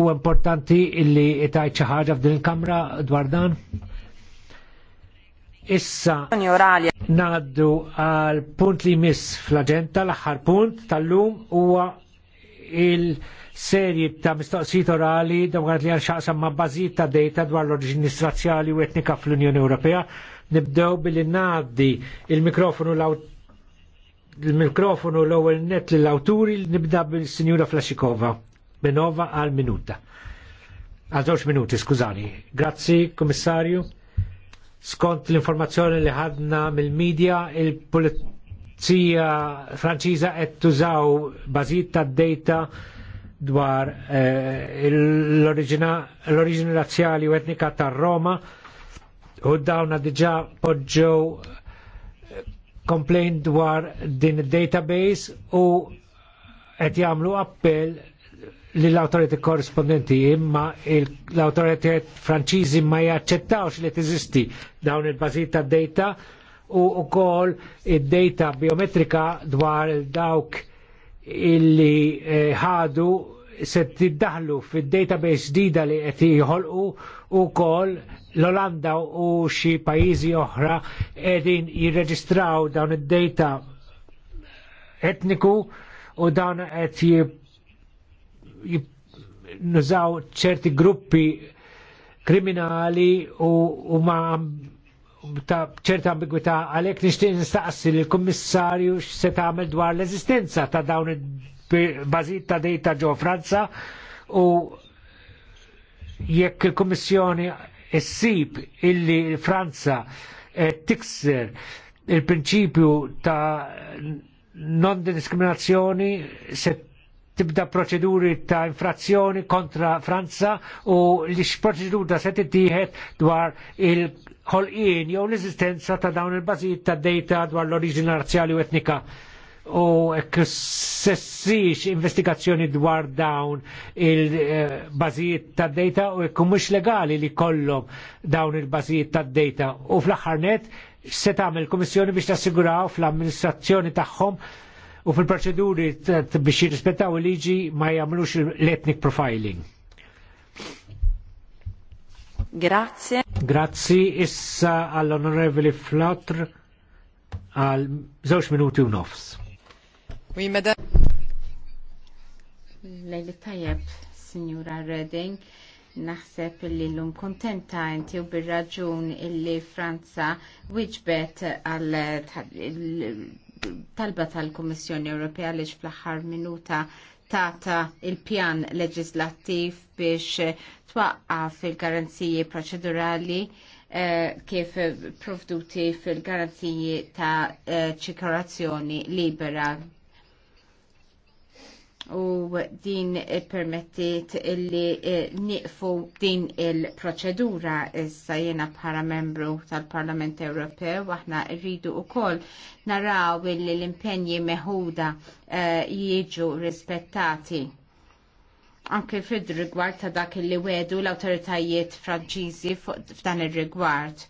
u importanti illi tajt xi ħaġa f'din il-kamra dwar dan? Issa naddu għal punt li miss fl-aġenda l-aħħar punt tal-lum huwa il-serji ta' mistoqsijiet orali dwar li għal ma' bażit ta' dejta dwar l-oriġini strazzjali u etnika fl-Unjoni Ewropea. Nibdew billi ngħaddi il-mikrofonu l-awt il-mikrofonu l-ewwel net lill-awturi nibda bil-Sinjura Flashikova. Benova għal minuta. Għal żewġ minuti, skużani. Grazzi, Komissarju. Skont l-informazzjoni li ħadna mill-medja, il-Pulizija Franċiża qed tużaw bażit tad-data dwar eh, l-oriġini razzjali u etnika tar-Roma u dawna diġà poġġew komplejn dwar din database u qed jagħmlu appell lill awtoriti korrispondenti imma l-autoritet franċiżi ma jaċċettawx li tiżisti dawn il bażijiet ta' data u wkoll id-data biometrika dwar dawk illi eh, ħadu eh, se tiddaħlu fil-database ġdida li qed jħolqu ukoll l-Olanda u xi pajjiżi oħra qegħdin jirreġistraw dawn id-data etniku u dawn qed nużaw ċerti gruppi kriminali u, u ma ta' ċerta ambigwità għalhekk nixtieq nistaqsi lill kummissarju x'se tagħmel dwar l-eżistenza ta' dawn id Bazita ta' dejta ġo Franza u jekk il-Kummissjoni ssib illi Franza tikser il-prinċipju ta' non diskriminazzjoni se tibda proċeduri ta' infrazzjoni kontra Franza u li x-proċedura se tittieħed dwar il-ħolqien jew l-eżistenza ta' dawn il-bażijiet ta' dejta dwar l-oriġini razzjali u etnika u sessix investigazzjoni dwar dawn il-bazijiet eh, ta' data u jekk mhux legali li kollhom dawn il-bazijiet ta' data u fl-aħħar net se tagħmel kummissjoni biex tassiguraw fl-amministrazzjoni tagħhom u fil-proċeduri biex jirrispettaw il-liġi ma jagħmlux l-ethnic profiling. Grazie. Grazzi issa għall-Onorevoli Flotr għal żewġ minuti u nofs. Oui, madame. Lejli tajjeb, Signora Redding, naħseb li l-lum kontenta inti u bil-raġun illi Franza wieġbet għal talba tal-Kommissjoni Ewropea li fl-aħħar minuta tata il-pjan leġislattiv biex twaqqaf il-garanziji proċedurali eh, kif provduti fil-garanziji ta' eh, ċikarazzjoni libera u din permettit li eh, niqfu din il-proċedura issa jena bħala membru tal-Parlament Ewropew aħna rridu u koll naraw li l-impenji meħuda eh, jieġu rispettati anke fid rigward ta' dak li wedu l-autoritajiet franċiżi f'dan ir-rigward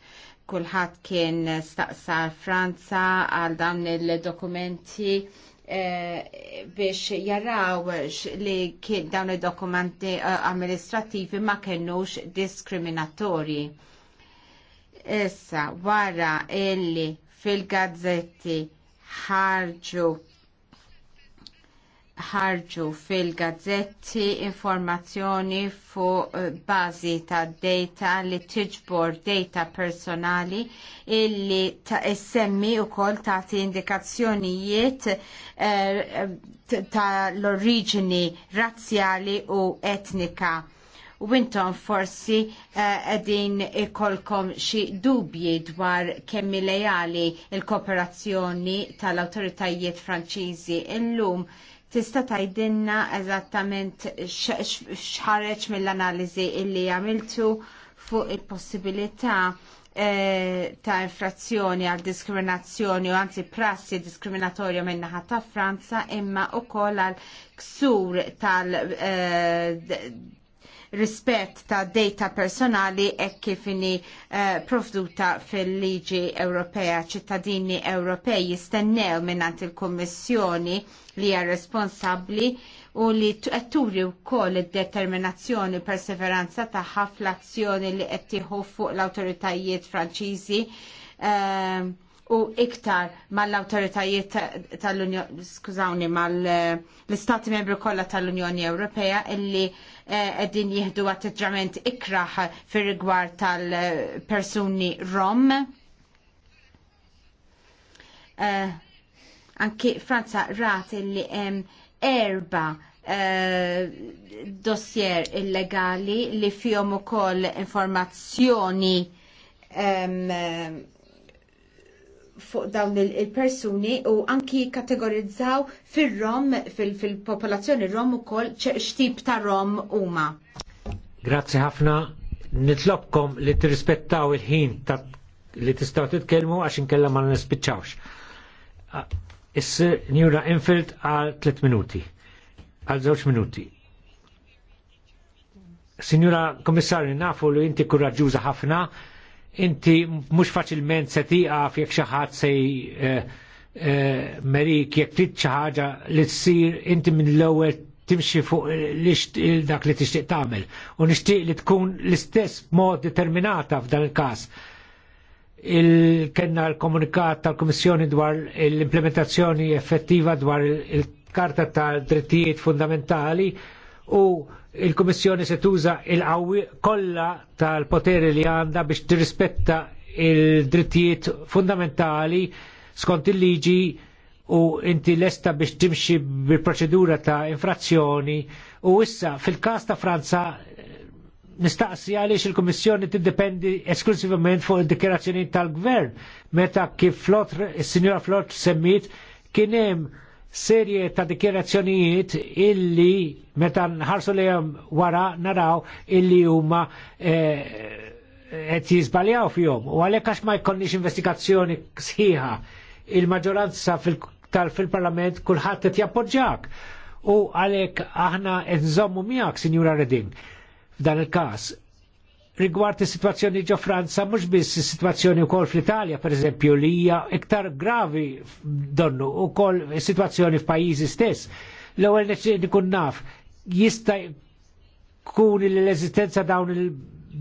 kulħadd kien staqsa Franza għal dawn il-dokumenti Eh, biex jaraw li kien dawn id-dokumenti eh, amministrativi ma kienux diskriminatorji. Issa, wara illi fil-gazzetti ħarġu ħarġu fil-gazzetti informazzjoni fuq eh, bażi ta' data li tiġbor data personali illi ta' essemmi u kol eh, eh, ta' indikazzjonijiet ta' l origini razzjali u etnika u intom forsi għedin uh, ikolkom xi dubji dwar kemmi lejali il-kooperazzjoni tal-autoritajiet franċiżi illum Tista' tgħidilna eżattament x'ħareġ mill-analiżi illi għamiltu fuq il-possibilità e, ta' infrazzjoni għal diskriminazzjoni u anzi prassi diskriminatorja minna ta' Franza imma u koll għal ksur tal e, rispett ta' data personali e kifini uh, eh, provduta fil-liġi Ewropea ċittadini Ewropej jistennew minnant il-Kommissjoni li hija responsabbli u li turi u koll determinazzjoni perseveranza ħaf l azzjoni li qed tieħu fuq l-awtoritajiet Franċiżi eh, u iktar mal-autoritajiet tal-Unjoni, skużawni, mal-Istati membru kollha tal-Unjoni Ewropea illi eh, qegħdin jieħdu atteġġament ikraħ fir rigward tal-persuni Rom. Eh, anki Franza rat illi hemm erba' eh, dossier illegali li fihom ukoll informazzjoni fuq dawn il-persuni u anki kategorizzaw fil-rom, fil-popolazzjoni rom u kol xtib ta' rom huma. Grazzi ħafna, nitlobkom li tirrispettaw il-ħin li t-tkelmu għax inkella ma nispiċċawx. Is-sir Njura infilt għal 3 minuti, għal 2 minuti. Signora Komissarju, nafu li inti kuraġuża ħafna, inti mhux faċilment se tieqaf jekk xi ħadd se eh, eh, merik jekk trid xi ħaġa li ssir inti minn l-ewwel timxi fuq dak li tixtieq tagħmel u nixtieq li tkun l-istess mod determinata f'dan il-każ il-kenna l-komunikat tal-Komissjoni dwar l-implementazzjoni effettiva dwar il-Karta tal-Drittijiet Fundamentali u il kommissjoni se tuża il-qawwi kollha tal-poteri li għandha biex tirrispetta il-drittijiet fundamentali skont il-liġi u inti lesta biex timxi bil-proċedura ta' infrazzjoni u issa fil-każ ta' Franza nistaqsi għaliex il-Kummissjoni tiddependi esklusivament fuq id-dikjerazzjoni tal-Gvern meta kif flot, il-Sinjora Flot semmit kien hemm serje ta' dikjerazzjonijiet illi meta nħarsu li wara naraw illi huma eh, qed jiżbaljaw fihom. U għalhekk għax ma jkollniex investigazzjoni sħiħa il-maġġoranza tal-fil-parlament kulħadd qed jappoġġjak. U għalhekk aħna qed nżommu miegħek, Sinjura Reding, f'dan il-każ rigward is-sitwazzjoni ġo Franza, mhux biss is-sitwazzjoni wkoll fl-Italja, pereżempju, li hija iktar gravi donnu wkoll is-sitwazzjoni f'pajjiżi stess. L-ewwel nikun naf jista' jkun l-eżistenza dawn il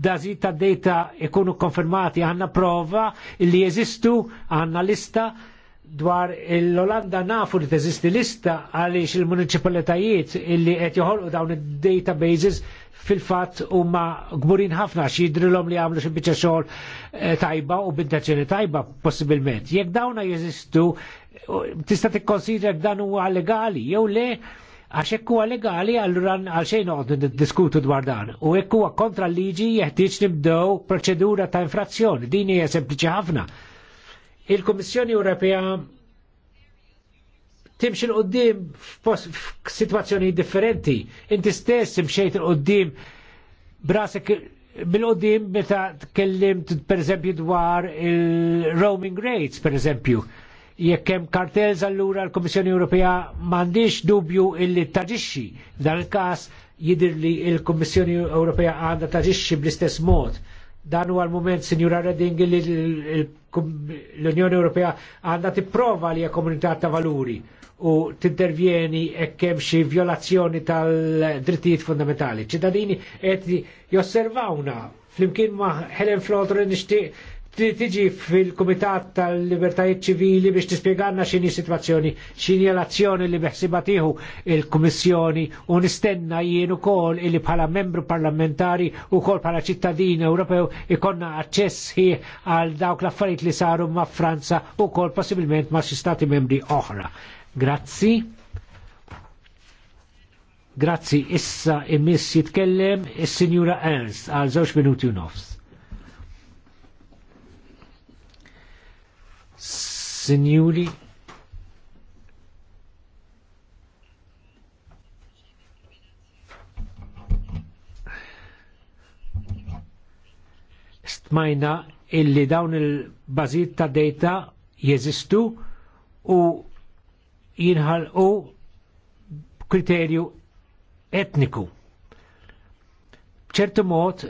dażit ta' data ikunu konfermati għanna prova li jeżistu għanna lista dwar l-Olanda nafu li teżisti lista għaliex il-municipalitajiet illi qed joħolqu dawn id-databases fil-fat huma gburin ħafna xi om li għamlu xi biċċa xogħol eh, tajba u b'intenzjoni tajba possibilment. Jekk dawna jeżistu, tista' konsidra jek dan huwa legali jew le għax hekk huwa legali allura għal xejn noqgħdu diskutu dwar dan. U hekk huwa kontra liġi jeħtieġ nibdew procedura ta' infrazzjoni. Din hija sempliċi ħafna. Il-Kummissjoni Ewropea timx il-qoddim f'sitwazzjoni differenti. Inti stess imxejt il-qoddim brasek bil-qoddim meta tkellimt per eżempju dwar il-roaming rates per eżempju. Jekk hemm kartels allura l-Kummissjoni Ewropea m'għandix dubju illi taġixxi. Dan il-każ jidirli li l-Kummissjoni Ewropea għandha taġixxi bl-istess mod Dan huwa l-mument, Sinjura Redding, li l-Unjoni Ewropea għandha tipprova li hija komunità ta' valuri u tintervieni e hemm xi violazzjoni tal-drittijiet fundamentali. ċittadini qed josservawna flimkien ma' Helen Flotter nixtieq tiġi fil-Kumitat tal-Libertajiet ċivili biex tispjegarna x'inhi situazzjoni, x'inhi l-azzjoni li beħsiba il-Kummissjoni u nistenna jien ukoll illi bħala membru parlamentari kol bħala ċittadini Ewropew ikonna aċċess għal dawk l-affarijiet li saru ma' Franza kol possibilment ma' xi stati membri oħra. Grazzi. Grazzi, issa immiss jitkellem il sinjura Ernst għal żewġ minuti u nofs. Sinjuri, stmajna illi dawn il bazit ta' data jeżistu u jinħalqu kriterju etniku. B'ċertu mod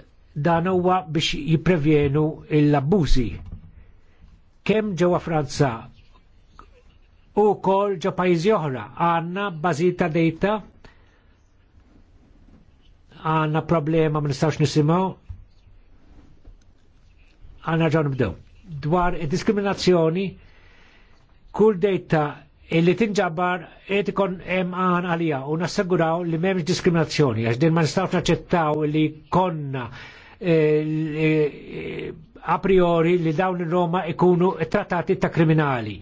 dan huwa biex jiprevjenu l-abbużi kemm ġewwa Franza u kol ġo pajzi oħra għanna bazita dejta għanna problema ma nistgħux nisimaw għanna ġo nibdew. Dwar diskriminazzjoni kull dejta illi tinġabar qed ikun hemm għan għalija u nasseguraw li memx diskriminazzjoni għax din ma nistgħux naċċettaw li konna eh, eh, a priori li dawn ir-Roma ikunu trattati ta' kriminali.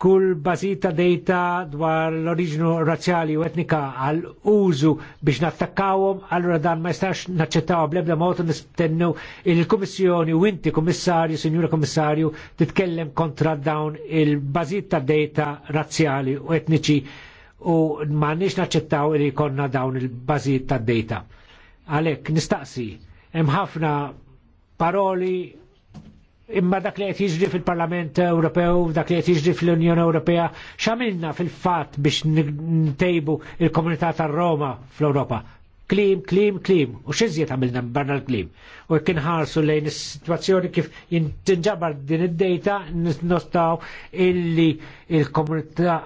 Kull bazita dejta dwar l-oriġinu razzjali u etnika għal użu biex nattakkawhom, allura dan ma jistax naċċettaw bl-ebda mod nistennu il-Kummissjoni u inti kommissarju, Signora kommissarju, titkellem kontra dawn il-bażita dejta razzjali u etniċi u ma nix naċċettaw li konna dawn il-bażita dejta. Għalek, nistaqsi, hemm ħafna paroli imma dak li qed jiġri fil-Parlament Ewropew, dak li qed jiġri fl-Unjoni Ewropea, x'għamilna fil-fatt biex ntejbu il-komunità tar-Roma fl-Ewropa. Klim, klim, klim, u x'iżjed għamilna barna l-klim. U kien inħarsu lejn is-sitwazzjoni kif jintinġabar din id-dejta nostaw illi il-komunità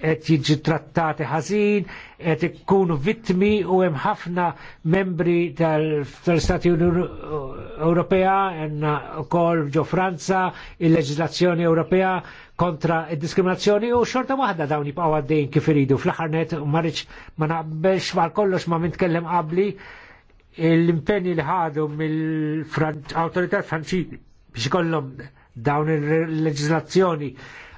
qed jiġi trattati ħażin, qed ikkunu vittmi u hemm ħafna membri tal-Stati Ewropea għandna wkoll ġo Franza il leġislazzjoni Ewropea kontra id-diskriminazzjoni u xorta waħda dawn jibqgħu għaddejn kif iridu fl-aħarnet u marriċ ma naqbelx kollox ma mintkellem qabli l-impenni li ħadu mill-autorità franċiżi biex kollhom dawn il leġislazzjoni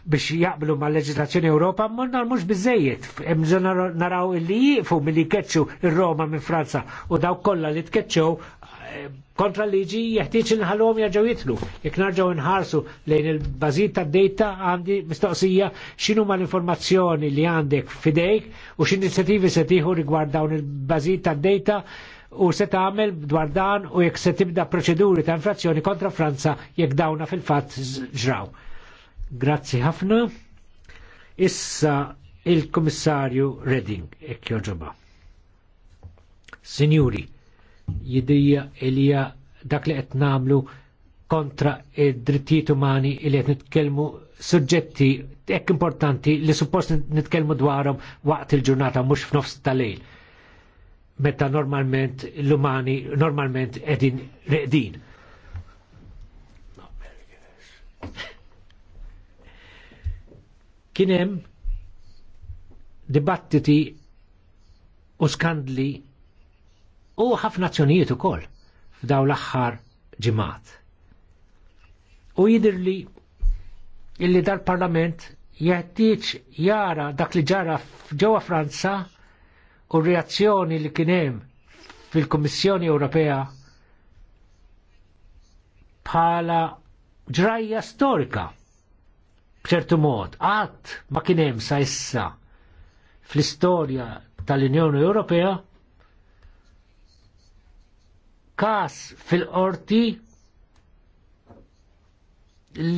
biex jaqblu ma' leġislazzjoni Ewropa, ma' mux bizzejiet. Mżon naraw illi jifu mill-li keċu il-Roma minn Franza u daw kolla li tkeċċu eh, kontra liġi jeħtieġ inħallhom jerġgħu jitlu. Jekk narġgħu nħarsu lejn il-bażit tad-dejta għandi mistoqsija x'inhu ma l-informazzjoni li għandek f'idejk u x'inizjattivi se tieħu rigward dawn il-bażit tad-dejta u se tagħmel dwar dan u jekk se tibda proċeduri ta' infrazzjoni kontra Franza jekk dawna fil-fatt ġraw. Grazzi ħafna. Issa il-Komissarju Redding, ek joġoba. Signuri, jidija ilija dak li qed namlu kontra id-drittijiet umani li qed nitkellmu suġġetti hekk importanti li suppost nitkellmu dwarhom waqt il-ġurnata mhux f'nofs tal-lejl. Meta normalment l-umani normalment qegħdin reqdin. Kien hemm dibattiti u skandli u ħafna nazzjonijiet ukoll f'daw l-aħħar ġimgħat. U li illi dal-Parlament jeħtieġ jara dak li ġara ġewwa Franza u reazzjoni li kien hemm fil-Kummissjoni Ewropea bħala ġrajja storika b'ċertu mod qatt ma kien hemm sa issa fl istoria tal-Unjoni Ewropea każ fil-qorti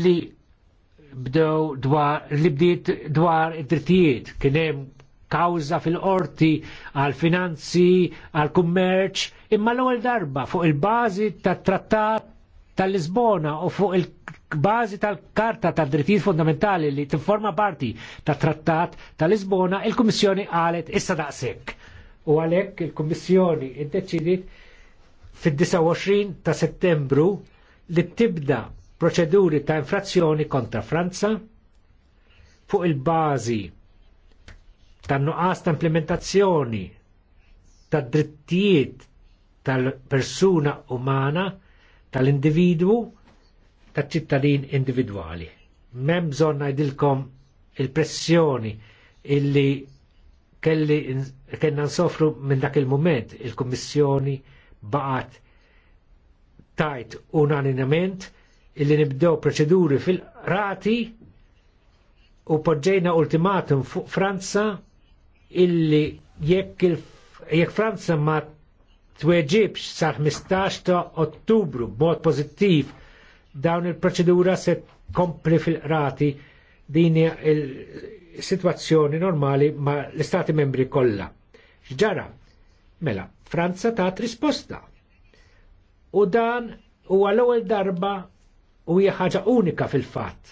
li bdew dwar li bdiet dwar id-drittijiet kien hemm kawża fil-qorti għal finanzi, għal kummerċ, imma l-ewwel darba fuq il-bażi tat-trattat tal-Lisbona u fuq il bazi tal-Karta tad-Drittijiet Fundamentali li tinforma parti tat-Trattat tal-Lisbona, il-Kummissjoni qalet issa daqshekk. U għalhekk il-Kummissjoni iddeċidiet fid-29 ta' Settembru li tibda proċeduri ta' infrazzjoni kontra Franza fuq il-bażi tan-nuqqas ta' implementazzjoni tad drittijiet tal-persuna umana tal-individwu ta' ċittadin individwali. Mem bżon najdilkom il-pressjoni illi kelli kena nsofru minn dak il-moment il-Kommissjoni baqat tajt unanimament illi nibdew proċeduri fil-rati u poġġejna ultimatum fuq Franza illi jekk il jekk Franza ma tweġibx sa' 15 ta' Ottubru b'mod pożittiv dawn il-proċedura se kompli fil rati din il-situazzjoni normali ma l-istati membri kollha. X'ġara? Mela, Franza tat risposta. U dan huwa l-ewwel darba u hija ħaġa unika fil-fatt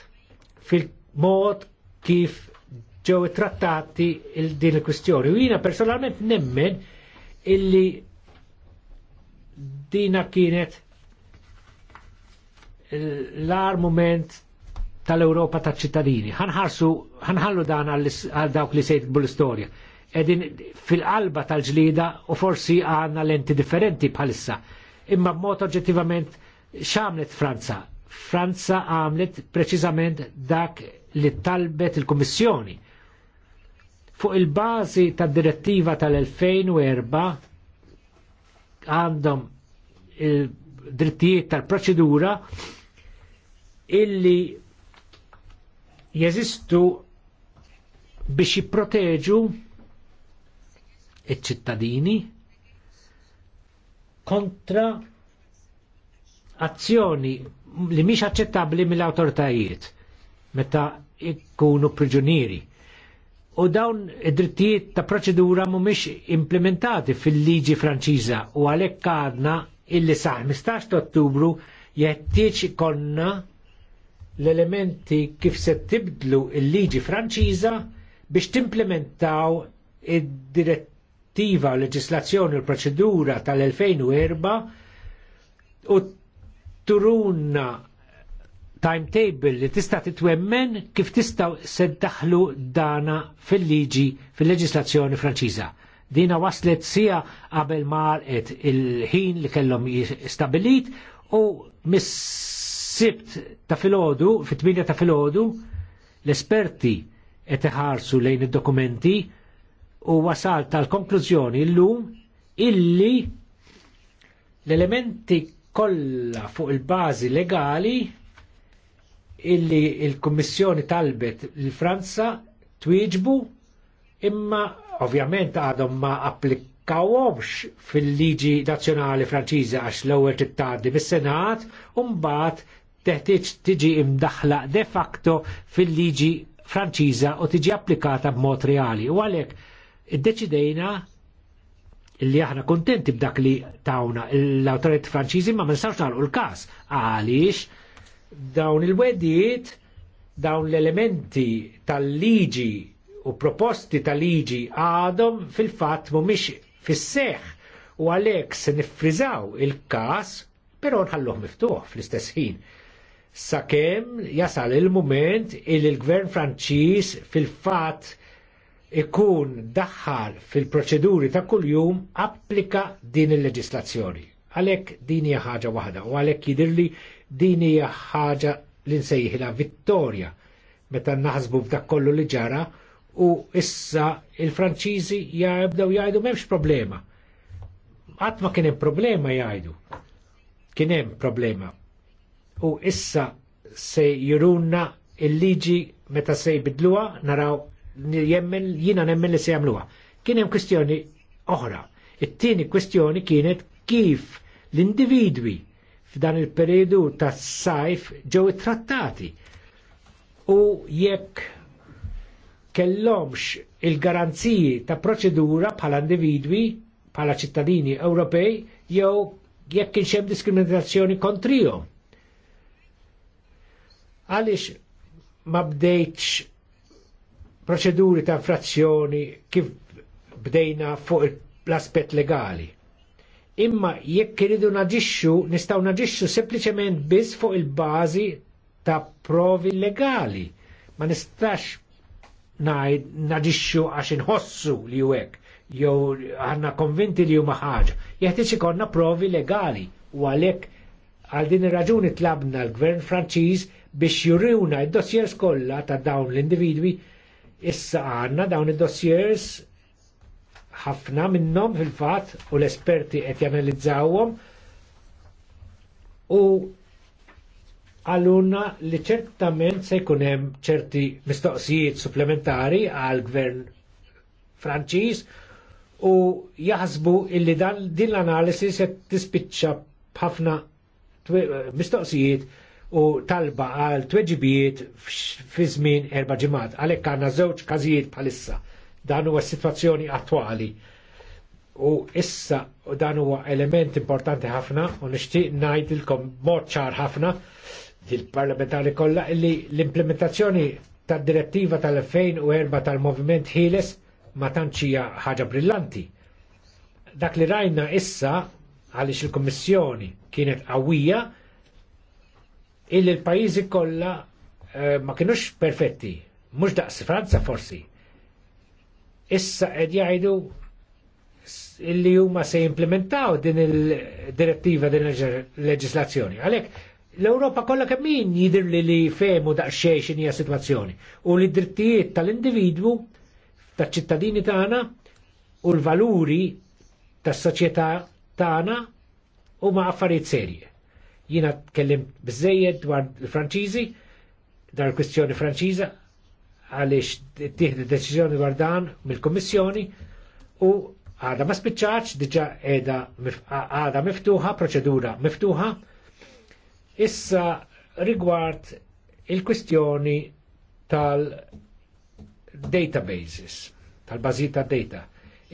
fil-mod kif ġew trattati il din il-kwistjoni. U jiena personalment nemmen illi dina kienet l armument tal-Europa ta' ċittadini. Ħanħarsu, ħanħallu dan għal dawk li sejt l-istorja. Edin fil-qalba tal-ġlida u forsi għanna lenti differenti bħalissa. Imma b'mod oġġettivament xamlet Franza. Franza għamlet preċiżament dak li talbet il-Kommissjoni. Fuq il-bazi tad direttiva tal-2004 għandhom il-drittijiet tal-proċedura illi jeżistu biex jipproteġu il ċittadini kontra azzjoni li mhix aċċettabbli mill-awtoritajiet meta ikkunu priġunieri. U dawn id-drittijiet ta' proċedura mhumiex implementati fil-liġi Franċiża u għalhekk għadna illi sa' 15 Ottubru jeħtieġ konna l-elementi kif se tibdlu il-liġi Franċiża biex timplementaw id-direttiva u leġislazzjoni u l-proċedura tal-2004 u turuna timetable li tista' titwemmen kif tistgħu se daħlu dana fil-liġi fil-leġislazzjoni Franċiża dina waslet sija qabel għalqet il-ħin li kellhom stabilit u mis sibt ta' filgħodu, fit-8 ta' filgħodu, l-esperti qed iħarsu lejn id-dokumenti u wasal tal-konklużjoni llum illi l-elementi kollha fuq il-bażi legali illi il-Kummissjoni talbet l-Franza twieġbu imma ovvjament għadhom ma applikawhomx fil-liġi nazzjonali Franċiża għax l-ewwel tittardi bis-Senat u mbagħad teħtieġ tiġi imdaħla de facto fil-liġi Franċiża u tiġi applikata b'mod reali. U għalhekk iddeċidejna li aħna kontenti b'dak li tawna l awtorit Franċiżi ma nistgħux nagħlqu l-każ għaliex dawn il wedijiet dawn l-elementi tal-liġi u proposti tal-liġi għadhom fil-fatt mhumiex fis-seħħ u għalhekk se niffriżaw il-każ però nħalluh miftuħ fl-istess ħin sakemm jasal il-moment il mument il il gvern Franċiż fil-fatt ikun daħħal fil-proċeduri ta' kuljum applika din il-leġislazzjoni. Għalhekk din hija ħaġa waħda u għalhekk jidirli din hija ħaġa li nsejħilha vittorja meta naħsbu f'dak kollu li ġara u issa il-Franċiżi jibdew jgħidu m'hemmx problema. Qatt ma kien hemm problema jgħidu. Kien hemm problema, u issa se jirunna il-liġi meta se jibidluha naraw jemmen jina nemmen li se jamluha. Kien hemm kwistjoni oħra. It-tieni kwistjoni kienet kif l-individwi f'dan il-periodu tas sajf ġew trattati u jekk kellhomx il-garanziji ta' proċedura bħala individwi bħala ċittadini Ewropej jew jekk kienx hemm diskriminazzjoni kontrihom Għaliex ma bdejtx proċeduri ta' frazzjoni kif bdejna fuq l-aspet legali. Imma jekk iridu naġixxu, nistgħu naġixxu sempliċement biss fuq il-bażi ta' provi legali. Ma nistax naġixxu għax inħossu li hekk jew għanna konvinti li huma ħaġa. Jeħtieġ ikollna provi legali u għalhekk għal din ir-raġuni tlabna l-Gvern Franċiż biex juriwna id-dossiers kollha ta' dawn l-individwi issa għanna dawn id-dossiers ħafna minnhom fil-fatt u l-esperti qed janalizzawhom u għalluna li ċertament se jkun hemm ċerti mistoqsijiet supplementari għal gvern Franċiż u jaħsbu illi dan din l-analisi se tispiċċa b'ħafna mistoqsijiet u talba għal tweġibijiet fi żmien erba ġimgħat. Għalhekk għandna żewġ każijiet bħalissa. Dan huwa s-sitwazzjoni attwali. U issa dan huwa element importanti ħafna u nixtieq ngħidilkom mod ċar ħafna il-parlamentari kollha li l-implementazzjoni tad-direttiva tal-2004 tal-Moviment Ħieles ma tantx hija ħaġa brillanti. Dak li rajna issa għaliex il-Kummissjoni kienet qawwija illi l-pajizi kollha eh, ma kienux perfetti, mhux daqs Franza forsi. Issa qed jgħidu illi huma se implementaw din il-direttiva din il-leġislazzjoni. Għalek, l europa kollha kemm min li li fehmu daqs x'inhi hija situazzjoni, u li drittijiet tal-individwu taċ-ċittadini tagħna u l-valuri tas-soċjetà tagħna ma' affarijiet serje. Jina tkellimt bizzejed dwar il-Franċiżi, dar kwistjoni Franċiża, għaliex tieħdu deċiżjoni dwar dan mill-Kummissjoni u għada ma spiċċaċ, diġa għada għada miftuħa, proċedura miftuħa. Issa rigward il-kwistjoni tal-databases, tal-bazita data,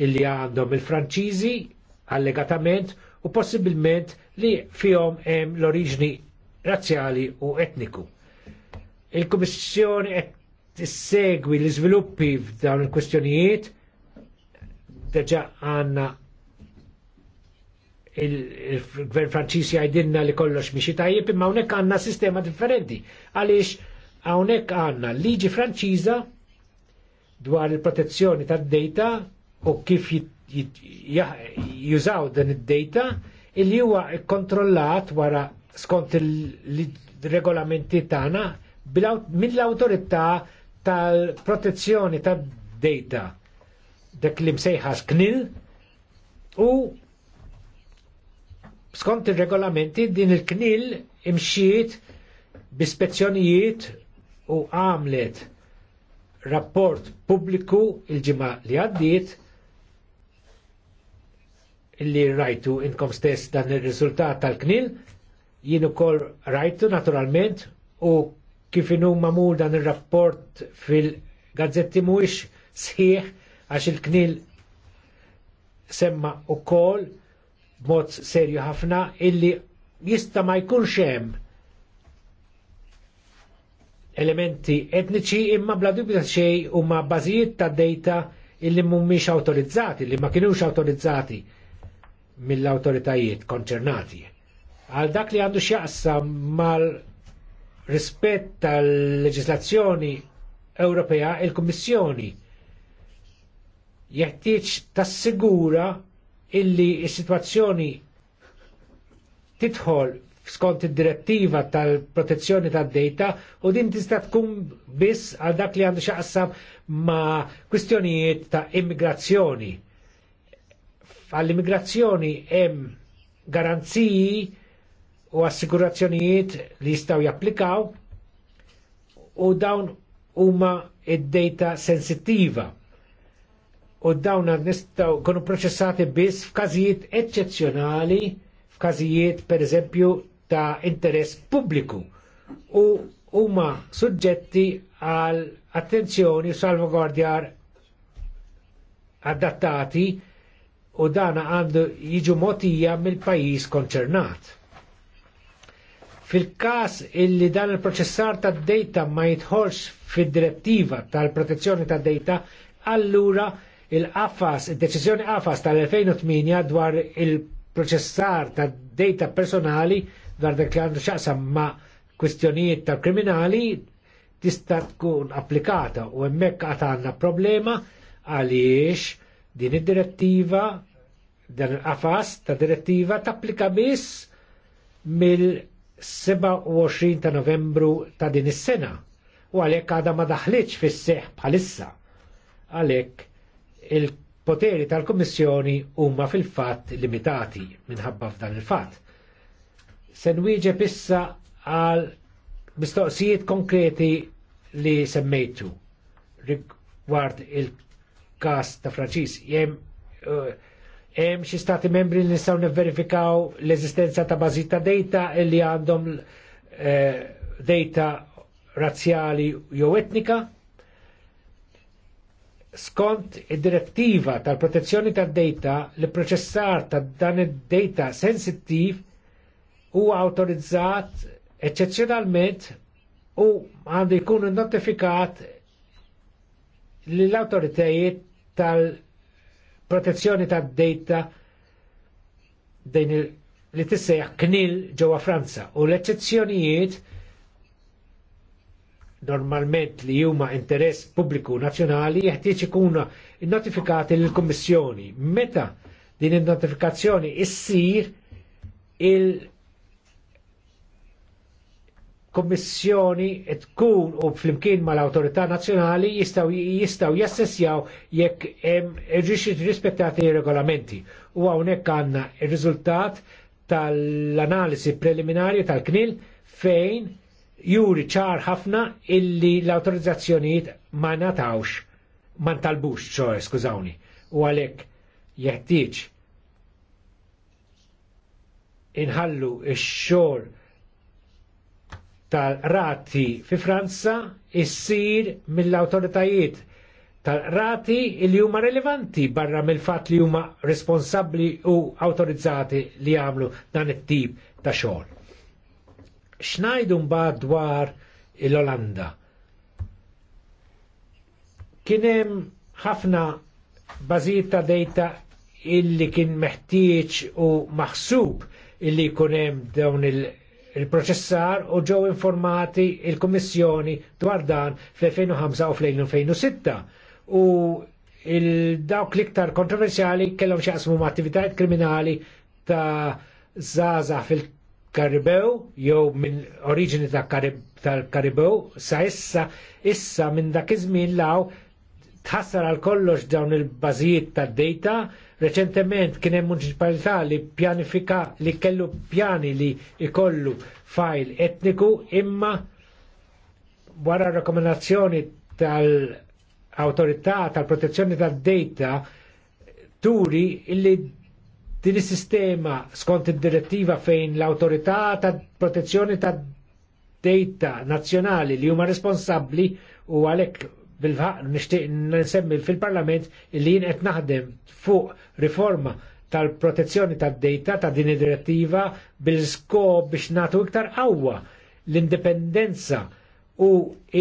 illi għandhom il-Franċiżi allegatament u possibilment li fihom hemm l-oriġni razzjali u etniku. Il-Kummissjoni qed tissegwi l-iżviluppi f'dawn il-kwestjonijiet deġa għandna il-gvern Franċis jgħidilna li kollox miexi tajjeb imma hawnhekk għandna sistema differenti għaliex hawnhekk għandna liġi Franċiża dwar il-protezzjoni tad-data u kif jużaw dan id-data illi huwa kontrollat wara skont il-regolamenti tagħna mill-awtorità tal-protezzjoni tad-data dak li msejħas knil u skont il-regolamenti din il-knil imxiet bispezzjonijiet u għamlet rapport pubbliku il ġimgħa li għaddiet li rajtu inkom stess dan il-rizultat tal-knil, jien ukoll rajtu naturalment u kif inhu mamul dan ir-rapport fil-gazzetti mhuwiex sħiħ għax il-knil semma kol b'mod serju ħafna illi jista ma jkunx hemm elementi etniċi imma bla dubju xej u huma bażijiet ta' dejta illi mhumiex awtorizzati, li ma kinux awtorizzati mill-autoritajiet konċernati. Għal dak li għandu xjaqsa mal rispett tal-leġislazzjoni Ewropea il-Kummissjoni jeħtieġ tassigura illi s-sitwazzjoni titħol skont id-direttiva tal-protezzjoni tad-data u din tista' tkun biss għal dak li għandu xaqsam ma' kwistjonijiet ta' immigrazzjoni għall-immigrazzjoni hemm garanziji u assigurazzjonijiet li jistgħu japplikaw u dawn huma id-data sensittiva u dawn nistgħu konu proċessati biss f'każijiet eċċezzjonali f'każijiet eżempju ta' interess pubbliku u huma suġġetti għal attenzjoni u salvaguardjar adattati u dana għandu jiġu motija mill-pajis konċernat. Fil-kas illi dan il-proċessar ta' data ma jitħolx fil-direttiva tal-protezzjoni ta' data, allura il-qafas, il-deċizjoni qafas tal-2008 dwar il-proċessar ta' data personali dwar dak li għandu xaqsam ma' kwistjonijiet ta' kriminali tista' tkun applikata u hemmhekk għad għandna problema għaliex Din id-direttiva, dan il-qafas ta' direttiva tapplika biss mill-27 ta' novembru ta' din is-sena u għalhekk għadha ma daħliċ fis-seħ bħalissa. Għalhekk il-poteri tal-Kummissjoni huma fil-fatt limitati minħabba f'dan il-fatt. Se issa għal mistoqsijiet konkreti li semmejtu rigward il kas ta' Franċis jem hemm eh, xi stati membri li nistgħu nivverifikaw l-eżistenza ta' bazita ta' data li għandhom eh, data razzjali jew etnika. Skont id-direttiva tal-protezzjoni tad data li proċessar ta' dan id-data sensittiv u autorizzat eccezzjonalment u għandu jkun notifikat lill autoritajiet tal-protezzjoni tad-data dejn li tissejjaħ knil ġewwa Franza u l-eċċezzjonijiet normalment li huma interess pubbliku nazzjonali jeħtieġ ikunu notifikati lill-Kummissjoni. Meta din in-notifikazzjoni issir il- kommissjoni tkun u flimkien mal autorità nazzjonali jistaw, jistaw jassessjaw jekk hemm irriċi rispettati i regolamenti. U hawnhekk għandna r-riżultat tal-analisi preliminari tal-knil fejn juri ċar ħafna illi l-autorizzazzjonijiet ma natawx, ma ntalbux ċoħe, skużawni, u għalek jeħtieġ inħallu ix-xogħol tal-rati fi Franza issir mill-autoritajiet tal-rati li huma relevanti barra mill-fat li huma responsabli u autorizzati li għamlu dan it-tip ta' xogħol. Xnajdu mbagħad dwar l-Olanda. Kien hemm ħafna bażijiet ta' dejta illi kien meħtieġ u maħsub illi jkun hemm dawn il- il-proċessar u ġew informati il-Kommissjoni dwar dan fl-2005 u fl-2006. U il-dawk liktar kontroversjali kellhom xaqsmu ma' attivitajiet kriminali ta' zaza fil-Karibew jew minn oriġini tal-Karibew sa issa issa minn dak iż-żmien law tħassar għal kollox dawn il-bażijiet tad-data Reċentement kien hemm municipalità li pjanifika li kellu pjani li ikollu fajl etniku imma wara rekomendazzjoni tal-autorità tal-protezzjoni tad-data turi illi din is-sistema skont id-direttiva fejn l-autorità tal-protezzjoni tad-data nazzjonali li huma responsabbli u għalhekk bil-ħaq nishtiq nsemmi fil-parlament li jien qed naħdem fuq riforma tal-protezzjoni tad-dejta ta' din id-direttiva bil-skop biex nagħtu iktar qawwa l-indipendenza u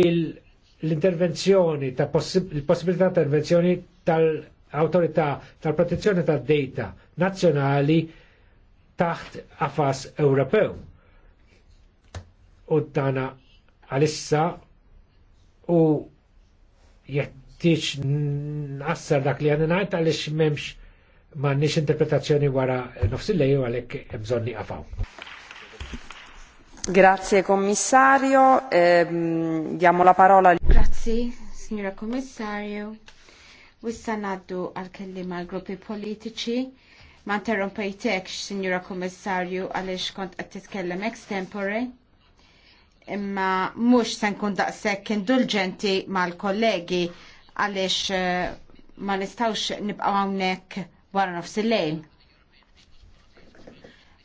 l-intervenzjoni ta' possibilità ta' intervenzjoni tal-autorità tal-protezzjoni tad-dejta nazzjonali taħt affas Ewropew. U tagħna għalissa u jettiċ nassar dak li għanin għajt għalix memx ma nix interpretazzjoni wara nofsillej u għalek bżonni għafaw. Grazie commissario, eh, diamo la parola. Grazie signora commissario. Wissa naddu għal-kellima għal-gruppi politiċi. Ma interrompejtekx, signora commissario, għalix kont għattitkellem ex tempore imma mhux se nkun daqshekk indulġenti mal-kollegi għaliex eh, ma nistawx nibqgħu hawnhekk wara nofs il-lejl.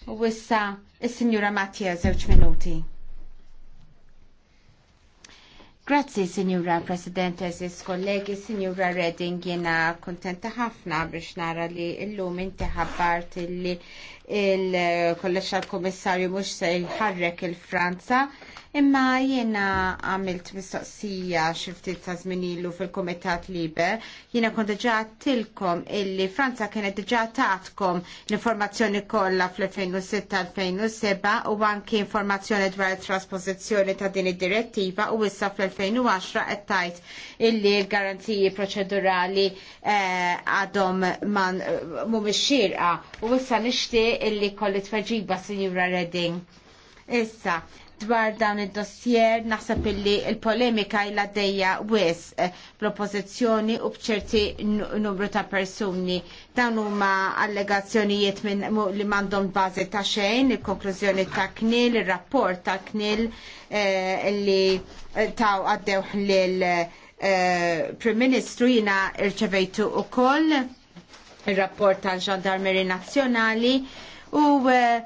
U issa is-Sinjura Mattia żewġ minuti. Grazzi, Signora President, eżis kollegi, Signora Redding, jena kontenta ħafna biex nara li illum inti ħabbart li il kollex l-komissarju mux se jħarrek il-Franza imma jiena għamilt mistoqsija ftit ta' zminilu fil-Komitat Liber, jiena kont diġa tilkom illi Franza kienet diġà tatkom l-informazzjoni kollha fl-2006-2007 u anki informazzjoni dwar il-trasposizjoni ta' din id-direttiva u issa fl-2010 qed tgħid illi l-garanziji proċedurali eh, għadhom man eh, mhumiex xirqa u issa nixtieq illi kolli tweġiba Sinjura Redding. Issa, dwar dawn id-dossier naħseb illi il-polemika illa dejja wis eh, l u bċerti numru ta' persuni. Dawn huma allegazzjonijiet li m'għandhom bażi ta' xejn, il-konklużjoni ta' knil, ir-rapport ta' knil eh, li eh, ta' għaddew lil Prim Ministru jina irċevejtu u koll il-rapport tal-ġandarmeri nazzjonali u eh,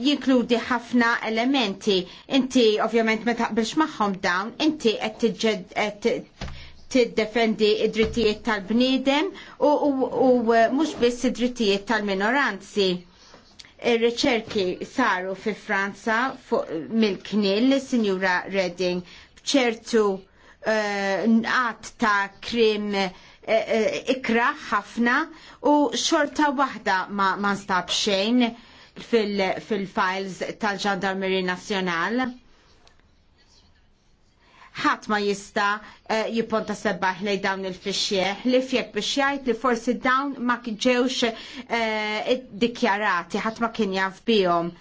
jinkludi ħafna elementi. Inti ovvjament ma taqbilx magħhom dawn, inti qed tiddefendi id-drittijiet tal-bniedem u eh, mhux biss id-drittijiet tal-minoranzi. Ir-riċerki saru fi Franza mill-knil sinjura Redding bċertu għat eh, ta' krim Eh, eh, ikra ħafna u xorta waħda ma nstab xejn fil-files tal-ġandarmeri Nazzjonal ħadd ma jista uh, jipponta sebbaħ li dawn il-fixxieħ li fjek biex jgħid li forsi dawn ma ġewx uh, dikjarati ħadd ma kien jaf bijom.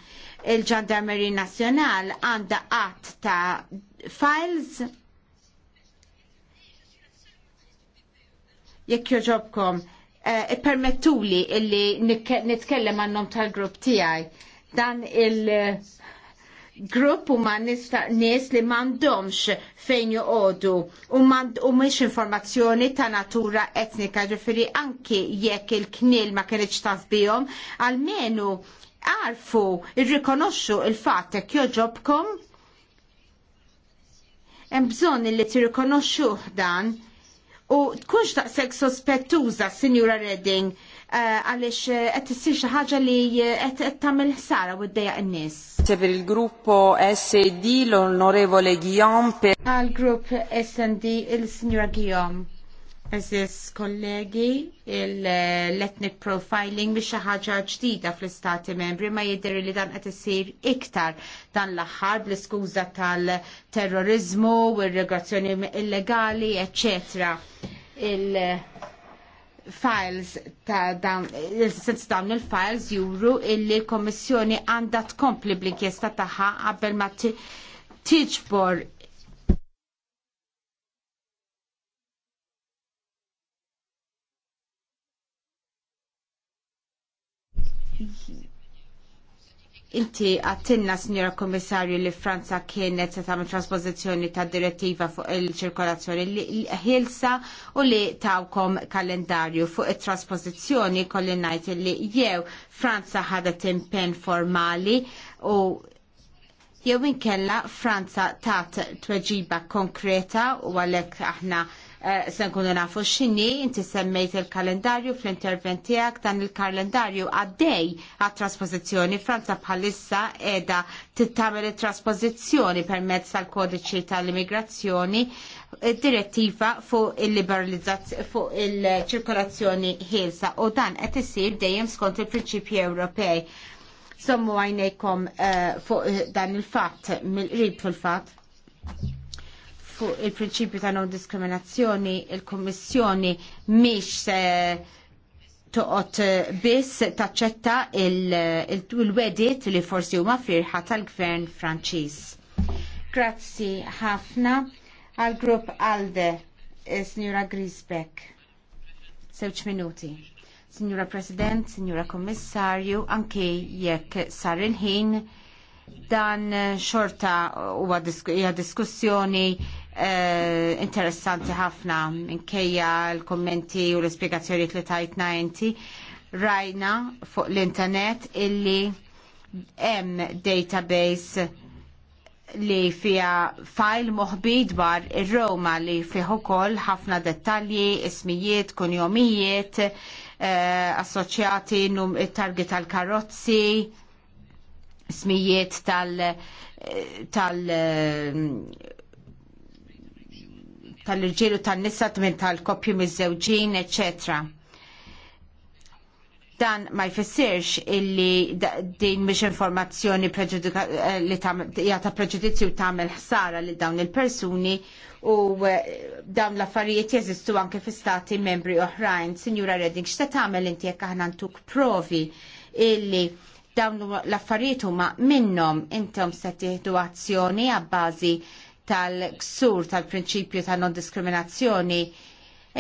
Il-Ġandarmeri Nazzjonal għandha qatt ta' files jekk joġobkom, eh, permettuli illi nitkellem għannom tal-grupp tijaj. Dan il- grupp u ma nis li mandomx fejn joqodu u u informazzjoni ta' natura etnika ġifiri anki jekk il-knil ma kienx taf bijom għalmenu għarfu irrikonoxxu il-fatt jekk joġobkom hemm bżonn li tirrikonoxxuh dan u tkunx taqseg sospettuża, Sinjura Redding, eh, għalix eh, qed issir xi ħaġa li eh, qed tagħmel ħsara u ddejja n-nies. Per il-gruppo SD l-Onorevole Guillaume Għal grupp SD il-Sinjura Guillaume. Eżis kollegi, l etnik profiling biex ħaġa ġdida fl-istati membri ma jidher li dan qed isir iktar dan l-aħħar bl-iskuża tal-terrorizmu u r-regrazzjoni illegali, eċċetera. Il-files ta' dan, il-sens dawn il-files juru illi l-Kommissjoni għandha tkompli bl-inkjesta tagħha qabel ma tiġbor Inti għattinna, Signora Kommissarju, li Franza kienet se tagħmel trasposizzjoni ta' direttiva fuq il-ċirkolazzjoni li ħilsa u li tawkom kalendarju fuq it-trasposizzjoni kolli ngħid li jew Franza ħadet impenn formali u jew inkella Franza tat tweġiba konkreta u għalhekk aħna Eh, se nkunu nafu x'inhi, inti semmejt il-kalendarju fl-intervent tiegħek dan il-kalendarju għaddej għat trasposizjoni Franza bħalissa qiegħda tittamel it per permezz tal-kodiċi tal-immigrazzjoni direttiva fuq il-liberalizzazzjoni fuq il-ċirkolazzjoni ħielsa u dan qed isir dejjem skont il-prinċipji Ewropej. Sommu għajnejkom uh, fuq dan il fat mill rib fil-fatt fuq il-prinċipju ta' non diskriminazzjoni il-Kommissjoni miex se toqgħod biss taċċetta il-wedit li forsi huma firħa tal-Gvern Franċiż. Grazzi ħafna għal grupp Alde, eh, Signora Grisbeck. Sewċ minuti. Signora President, Signora Kommissarju, anke jekk sar il-ħin dan xorta huwa diskussjoni Eh, interessanti ħafna minkejja l-kommenti u l-spiegazzjoni li tajtna inti rajna fuq l-internet illi hemm database li fija fajl moħbi dwar ir-Roma li fih ukoll ħafna dettalji, ismijiet, kunjomijiet, eh, assoċjati num il targi tal-karozzi, ismijiet tal- eh, tal eh, tal-irġiel u tan-nisa minn tal-koppju miż-żewġin, eċċetera. Dan ma jfissirx illi din mhix informazzjoni eh, li jagħta preġudizzju tagħmel ħsara lil dawn il-persuni u eh, dawn l-affarijiet jeżistu anke fi stati membri oħrajn. Sinjura Redding, x'ta tagħmel inti jekk aħna ntuk provi illi dawn l-affarijiet huma minnhom intom se tieħdu azzjoni għabbażi tal-ksur tal-prinċipju ta' non-diskriminazzjoni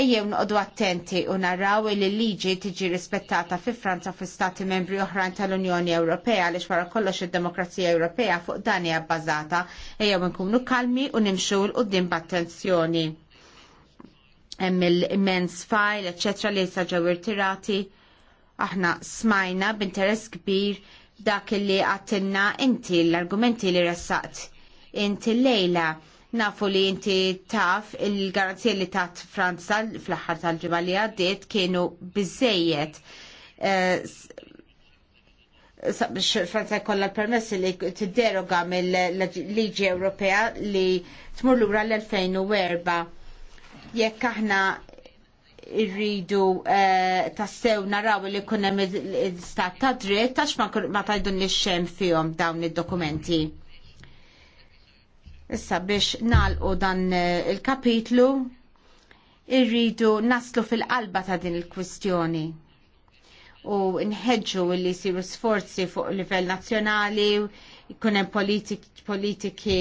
ejjew nqodu attenti u narraw li l-liġi tiġi rispettata fi Franza fi stati membri oħrajn tal-Unjoni Ewropea li xwara kollox id-demokrazija Ewropea fuq dan hija bbażata ejjew nkunu kalmi u nimxu l qudiem b'attenzjoni. Hemm il-immens file, eċċetra li sa ġew irtirati. Aħna smajna b'interess kbir dak li għattinna inti l-argumenti li ressaqt inti lejla nafu li inti taf il-garanzija li tat Franza fl-aħħar tal-ġimgħa li għaddiet kienu bizzejiet. Eh, Franza jkollha l-permessi li tidderoga mill-liġi Ewropea li tmur lura l-2004. Jekk aħna irridu eh, tassew naraw li kunem il-stat ta' dritt għax ma tajdun nix xem fihom dawn id-dokumenti. Issa biex nalqu dan eh, il-kapitlu irridu naslu fil-qalba ta' din il-kwistjoni u nħedġu li siru sforzi fuq livell nazzjonali, jkun hemm politik, politiki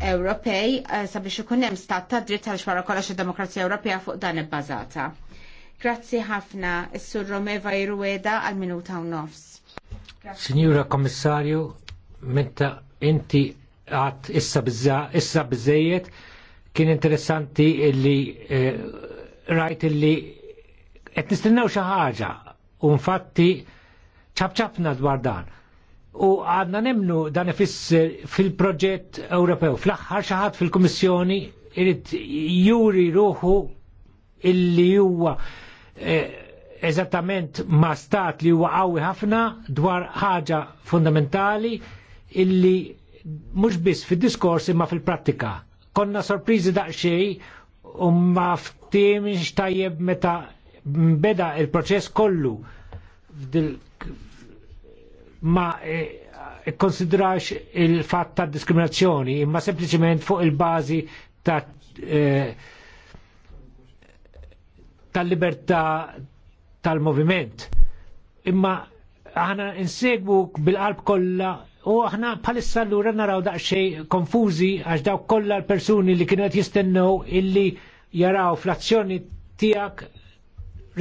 Ewropej eh, sabiex ikun hemm stat ta' dritt għal xwara kollox il demokrazija Ewropea fuq dan il-bazata. Grazzi ħafna is-Sur Romeva Irueda għal minuta u nofs. Signora Kommissarju, menta inti għat issa bizzejiet kien interessanti illi eh, rajt illi qed nistennew xi ħaġa u infatti ċabċabna dwar dan. U għadna nemnu dan ifisser fil-proġett Ewropew. Fl-aħħar xi ħadd fil-Kummissjoni jrid juri ruħu illi huwa eh, eżattament ma stat li huwa qawwi ħafna dwar ħaġa fundamentali illi mhux biss fi diskors imma fil-prattika. Konna sorpriżi daqsxejn u ma ftim tajjeb meta beda il-proċess kollu ma e, e, konsidrax il-fatt ta' diskriminazzjoni imma sempliciment fuq il-bażi ta' e, tal-libertà tal-moviment. Imma aħna insegwu bil-qalb kollha U aħna palissa l-lura naraw daqxej konfuzi għax daw kollha l-persuni li kienu għet jistennew illi jaraw fl-azzjoni tiegħek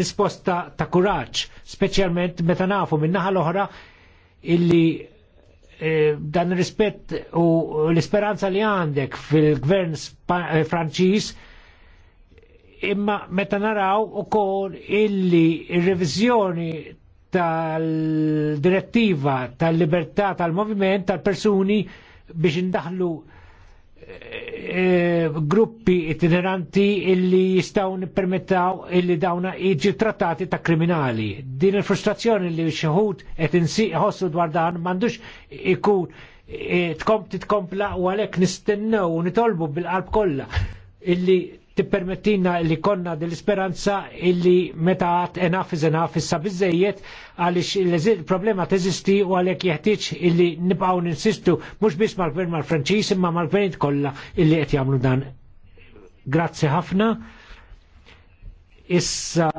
risposta ta' kuraġġ, speċjalment meta nafu min-naħa l-oħra illi eh, dan rispett u l-isperanza li għandek fil-gvern eh, Franċiż imma meta naraw ukoll illi il revizjoni tal-direttiva tal-libertà tal-moviment tal-persuni biex indaħlu eh, eh, gruppi itineranti illi jistaw nippermettaw illi dawna iġi trattati ta' kriminali. Din il-frustrazzjoni li xeħut et ħossu dwar dan mandux ikun tkompti eh, tkom titkompla u għalek nistennew u nitolbu bil-qalb kollha illi tippermettina li konna dell-isperanza illi meta għat enaf is enaf issa bizzejiet għalix il-problema teżisti u għalek jeħtieġ illi nibqaw ninsistu mhux biss mal-gvern mal-Franċiż imma mal-gvern kollha illi qed jagħmlu dan. Grazzi ħafna. Issa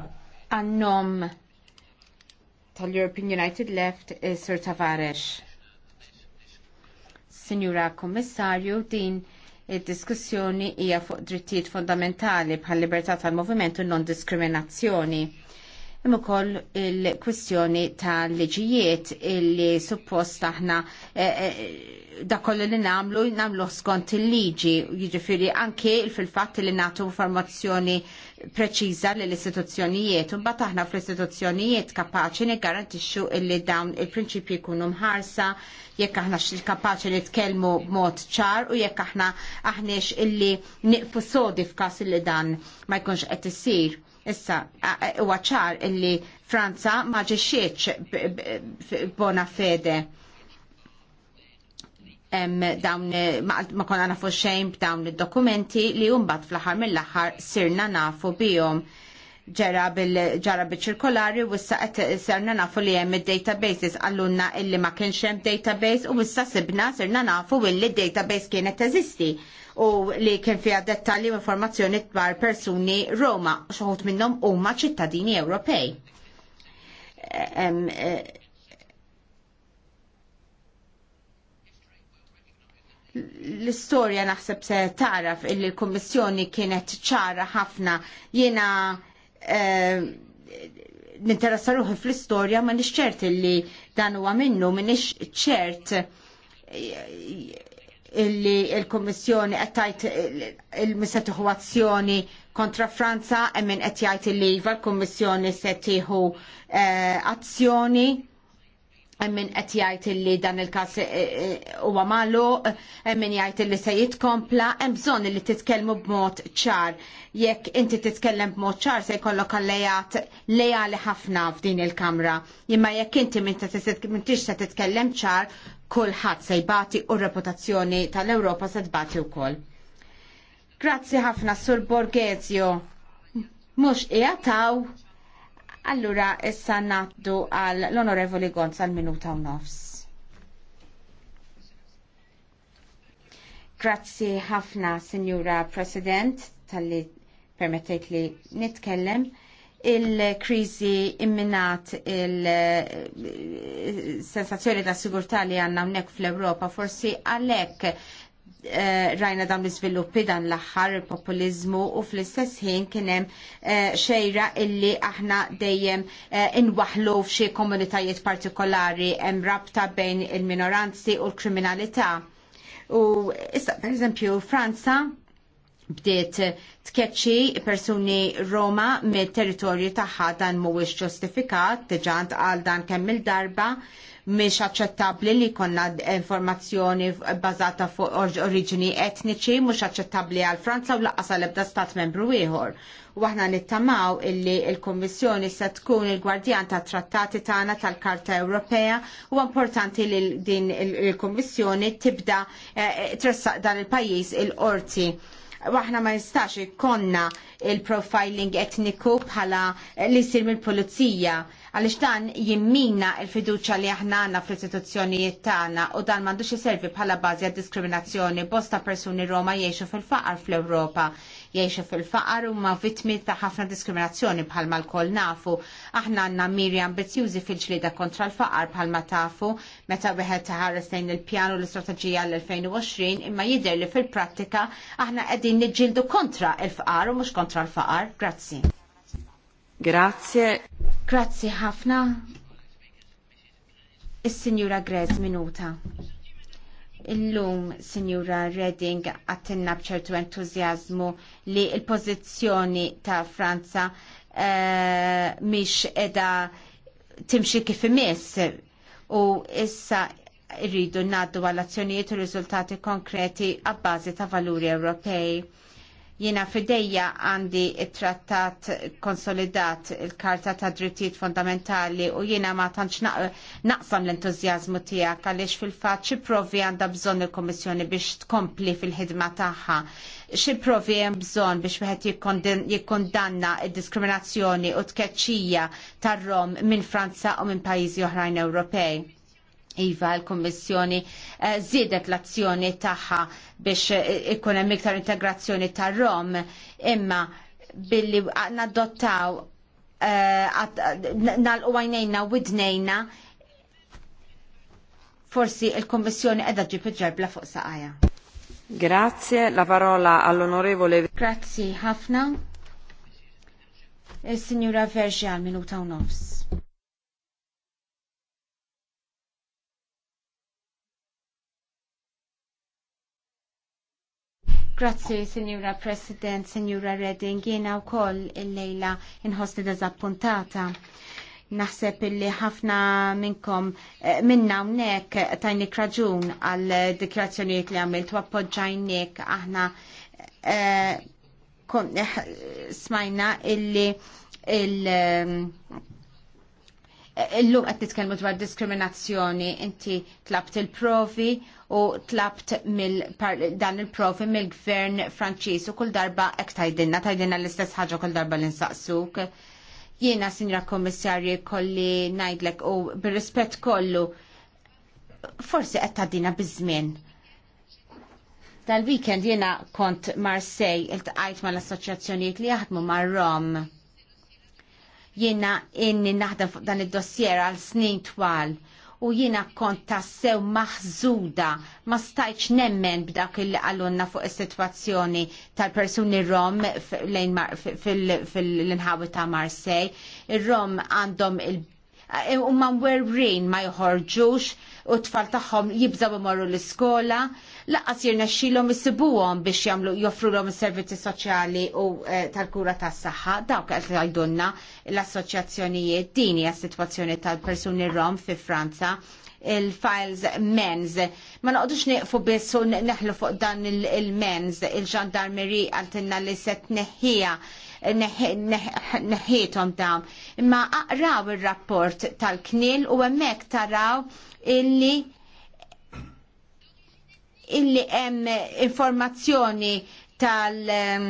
għannom tal-European United Left eh, Sir Tavares. Signora Kommissarju, din Id-diskussjoni hija fuq drittijiet fundamentali bħal libertà tal-moviment u non-diskriminazzjoni imma koll il-kwistjoni ta' liġijiet illi suppost aħna eh, eh, da kollu li namlu, namlu skont il-liġi, jġifiri anke fil-fat li natu informazzjoni preċiża li l-istituzzjonijiet, un aħna fl-istituzzjonijiet kapaċi ne garantixxu illi dawn il-prinċipji jkunu mħarsa, jekk aħna kapaċi li tkellmu b'mod ċar u jekk aħna aħnex illi niqfu sodi f'każ illi dan ma jkunx qed isir. Issa, huwa ċar illi Franza ma bona fede dawn ma konna nafu xejn b'dawn id-dokumenti li jumbat fl-aħħar mill-aħħar sirna nafu bijom ġara bil-ġara bil-ċirkolari u issa qed serna nafu li hemm id-databases għallunna illi ma kienx hemm database u issa sibna sirna nafu illi database kienet eżisti u li kien fiha dettalji u informazzjoni dwar persuni Roma, xoħut minnhom huma ċittadini Ewropej. Eh, l-istorja naħseb se taraf illi l-Kommissjoni kienet ċara ħafna jiena eh, ninteressa ruħi fl-istorja ma nix ċert illi dan huwa minnu ma ċert illi il-Kommissjoni għattajt il-missetiħu azzjoni kontra Franza emmin qed jgħid illi iva l-Kommissjoni se tieħu eh, azzjoni emmin qed jgħid illi dan il-każ eh, eh, huwa malu, emmin jgħid illi se jitkompla, hemm bżonn li titkellmu b'mod ċar. Jekk inti titkellem b'mod ċar se jkollok allejat lejali ħafna f'din il-Kamra. Imma jekk inti minn se titkellem ċar, kulħadd se jbati u reputazzjoni tal-Ewropa se tbati wkoll. Grazzi ħafna Sur Borghezio. Mhux qiegħataw. Allura issa naddu għal l-Onorevoli Gonza l-minuta u nofs. Grazzi ħafna, Signora President, tal-li permettejt li nitkellem il-krizi imminat il-sensazzjoni ta' sigurtà li għanna unnek fl-Europa forsi għalek eh, rajna dawn l-izviluppi dan l-axħar il-populizmu u fl-istess ħin kienem eh, xejra illi aħna dejjem eh, inwaħlu f'xi komunitajiet partikolari hemm rabta bejn il-minoranzi u l-kriminalità. U issa, per eżempju, Franza bdiet tkeċċi persuni Roma mit territorju tagħha dan mhuwiex ġustifikat, diġà għal dan kemm il-darba mhix aċċettabbli li jkollna informazzjoni bbażata fuq oriġini etniċi mhux aċċettabbli għal Franza u laqqas għal ebda stat membru ieħor. U aħna nittamaw illi l-Kummissjoni se tkun il-gwardjan tat trattati tagħna tal-Karta Ewropea u importanti li din il-Kummissjoni tibda eh, tressaq dan il-pajjiż il-qorti. il pajjiż il qorti waħna ma jistax ikkonna il-profiling etniku bħala li jsir mill-pulizija għaliex dan jimmina il-fiduċa li aħna għandna fl-istituzzjonijiet tagħna u dan m'għandux iservi bħala bażi għad diskriminazzjoni bosta persuni Roma jgħixu fil-faqar fl-Ewropa jgħixu fil-faqar u ma vittmi ta' ħafna diskriminazzjoni bħalma l-koll nafu. Aħna għanna miri ambizjużi fil-ġlida kontra l-faqar bħalma tafu meta wieħed taħares lejn il-pjan u l-istrateġija l-2020 imma jidher li fil-prattika aħna qegħdin niġġieldu kontra l-faqar u mhux kontra l-faqar. Grazzi. Grazie. Grazie ħafna. Is-Sinjura Grez minuta. Illum, Signora Redding, għattinna bċertu entuzjazmu li il-pozizjoni ta' Franza uh, eh, miex edha timxi kif imiss u issa rridu naddu għal azzjonijiet u riżultati konkreti għabbażi ta' valuri Ewropej Jiena fidejja għandi trattat konsolidat il-Karta ta' Drittijiet Fundamentali u jiena ma tantx naqsam l-entużjażmu tiegħek għaliex fil-fatt xi provi għandha bżonn il-Kummissjoni biex tkompli fil-ħidma tagħha. Xi provi hemm bżonn biex wieħed jikkundanna d-diskriminazzjoni u tkeċċija tar-Rom minn Franza u minn pajjiżi oħrajn Ewropej. Iva, l-Kommissjoni eh, zidet l-azzjoni tagħha biex eh, ikun hemm iktar integrazzjoni ta' Rom, imma billi nadottaw eh, nalqu għajnejna u widnejna forsi il-Kommissjoni edha ġib ġerbla fuq saqajja. Grazie, la parola all'onorevole. Grazie, ħafna. Il-Signora Verġi għal minuta u nofs. Grazzi, Signora President, Signora Redding, jiena u koll il-lejla inħosni dazappuntata naħseb illi ħafna minnkom eh, minna unnek tajni raġun għal dikrazzjoniet li għamilt u appoġġajnik aħna eh, eh, smajna illi il- eh, Illum qed titkellmu dwar diskriminazzjoni, inti tlabt il-provi u tlabt mill dan il-profi mill-gvern Franċiż u kull darba ek tajdinna, tajdinna l-istess ħaġa kull darba l-insaqsuk. Jiena, sinjra kommissarji kolli najdlek u bir-rispett kollu, forsi qed tadina biż-żmien. Dal-weekend jiena kont Marsej ma mal-assoċjazzjonijiet li jaħdmu mar-Rom jiena inni naħdem fuq dan id-dossier għal snin twal u jiena kont tassew maħżuda ma stajċ nemmen b'dak il għallunna fuq is-sitwazzjoni tal-persuni rom fil-inħawi ta' Marsej. il rom għandhom il- e, Umman werrin ma joħorġux u tfal taħħom jibżaw imorru l-iskola Laqas jirna xilom jisibuhom biex jamlu joffru l servizzi soċjali u eh, tal-kura tas saħħa dawk għal għajdunna l-assoċjazzjonijiet dini għas-situazzjoni tal-persuni rom fi Franza il-files men's. Ma naqdux neqfu biss u neħlu fuq dan il-men's, il-ġandarmeri għaltinna li set neħija neħietom dawn. Imma aqraw il-rapport tal-knil u għemmek taraw illi illi hemm informazzjoni tal ehm,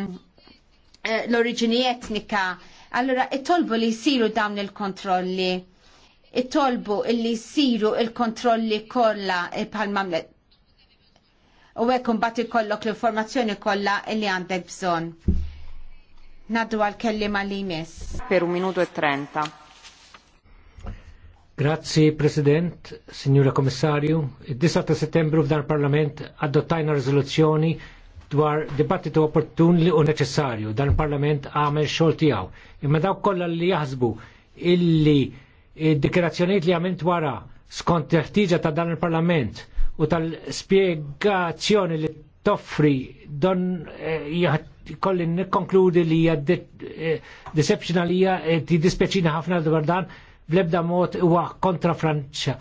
eh, l-oriġini etnika, allora it-tolbu li jsiru dawn il-kontrolli. It-tolbu li jsiru il-kontrolli kollha eh, bħal-mamlet u għek bat ikollok l-informazzjoni kollha li għandek bżonn. Naddu għal-kellima li jmiss. Per un minuto e trenta. Grazzi, President, Signora Komissarju. Il-9 ta' settembru f'dan parlament adottajna rizoluzzjoni dwar dibattitu opportun li u neċessarju. Dan parlament għamel xogħol tiegħu. Imma daw kollha li jahzbu illi id li għamilt wara skont ħtiġa ta' dan il-parlament u tal-spiegazzjoni li toffri don eh, kolli nikkonkludi li hija eh, deception li hija eh, ti dispeċina ħafna dwar dan blebda mod huwa kontra Franċa.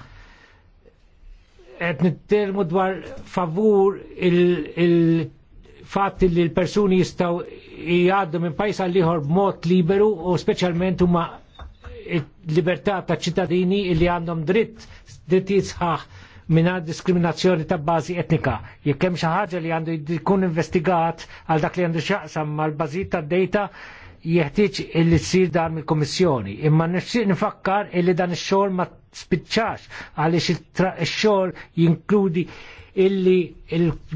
Et nittermu dwar favur il fat il li l-persuni jistaw jgħaddu minn pajjiż għal ieħor b'mod liberu u speċjalment huma libertà ta' ċittadini li għandhom dritt dritt sħaħ minna diskriminazzjoni ta' bazi etnika. Jekkem hemm xi ħaġa li għandu jkun investigat għal dak li għandu x'aqsam mal-bażi ta' data jeħtieġ illi tsir dan mill-Kummissjoni. Imma nixtieq nifakkar illi dan ix-xogħol ma spiċċax għaliex ix-xogħol jinkludi illi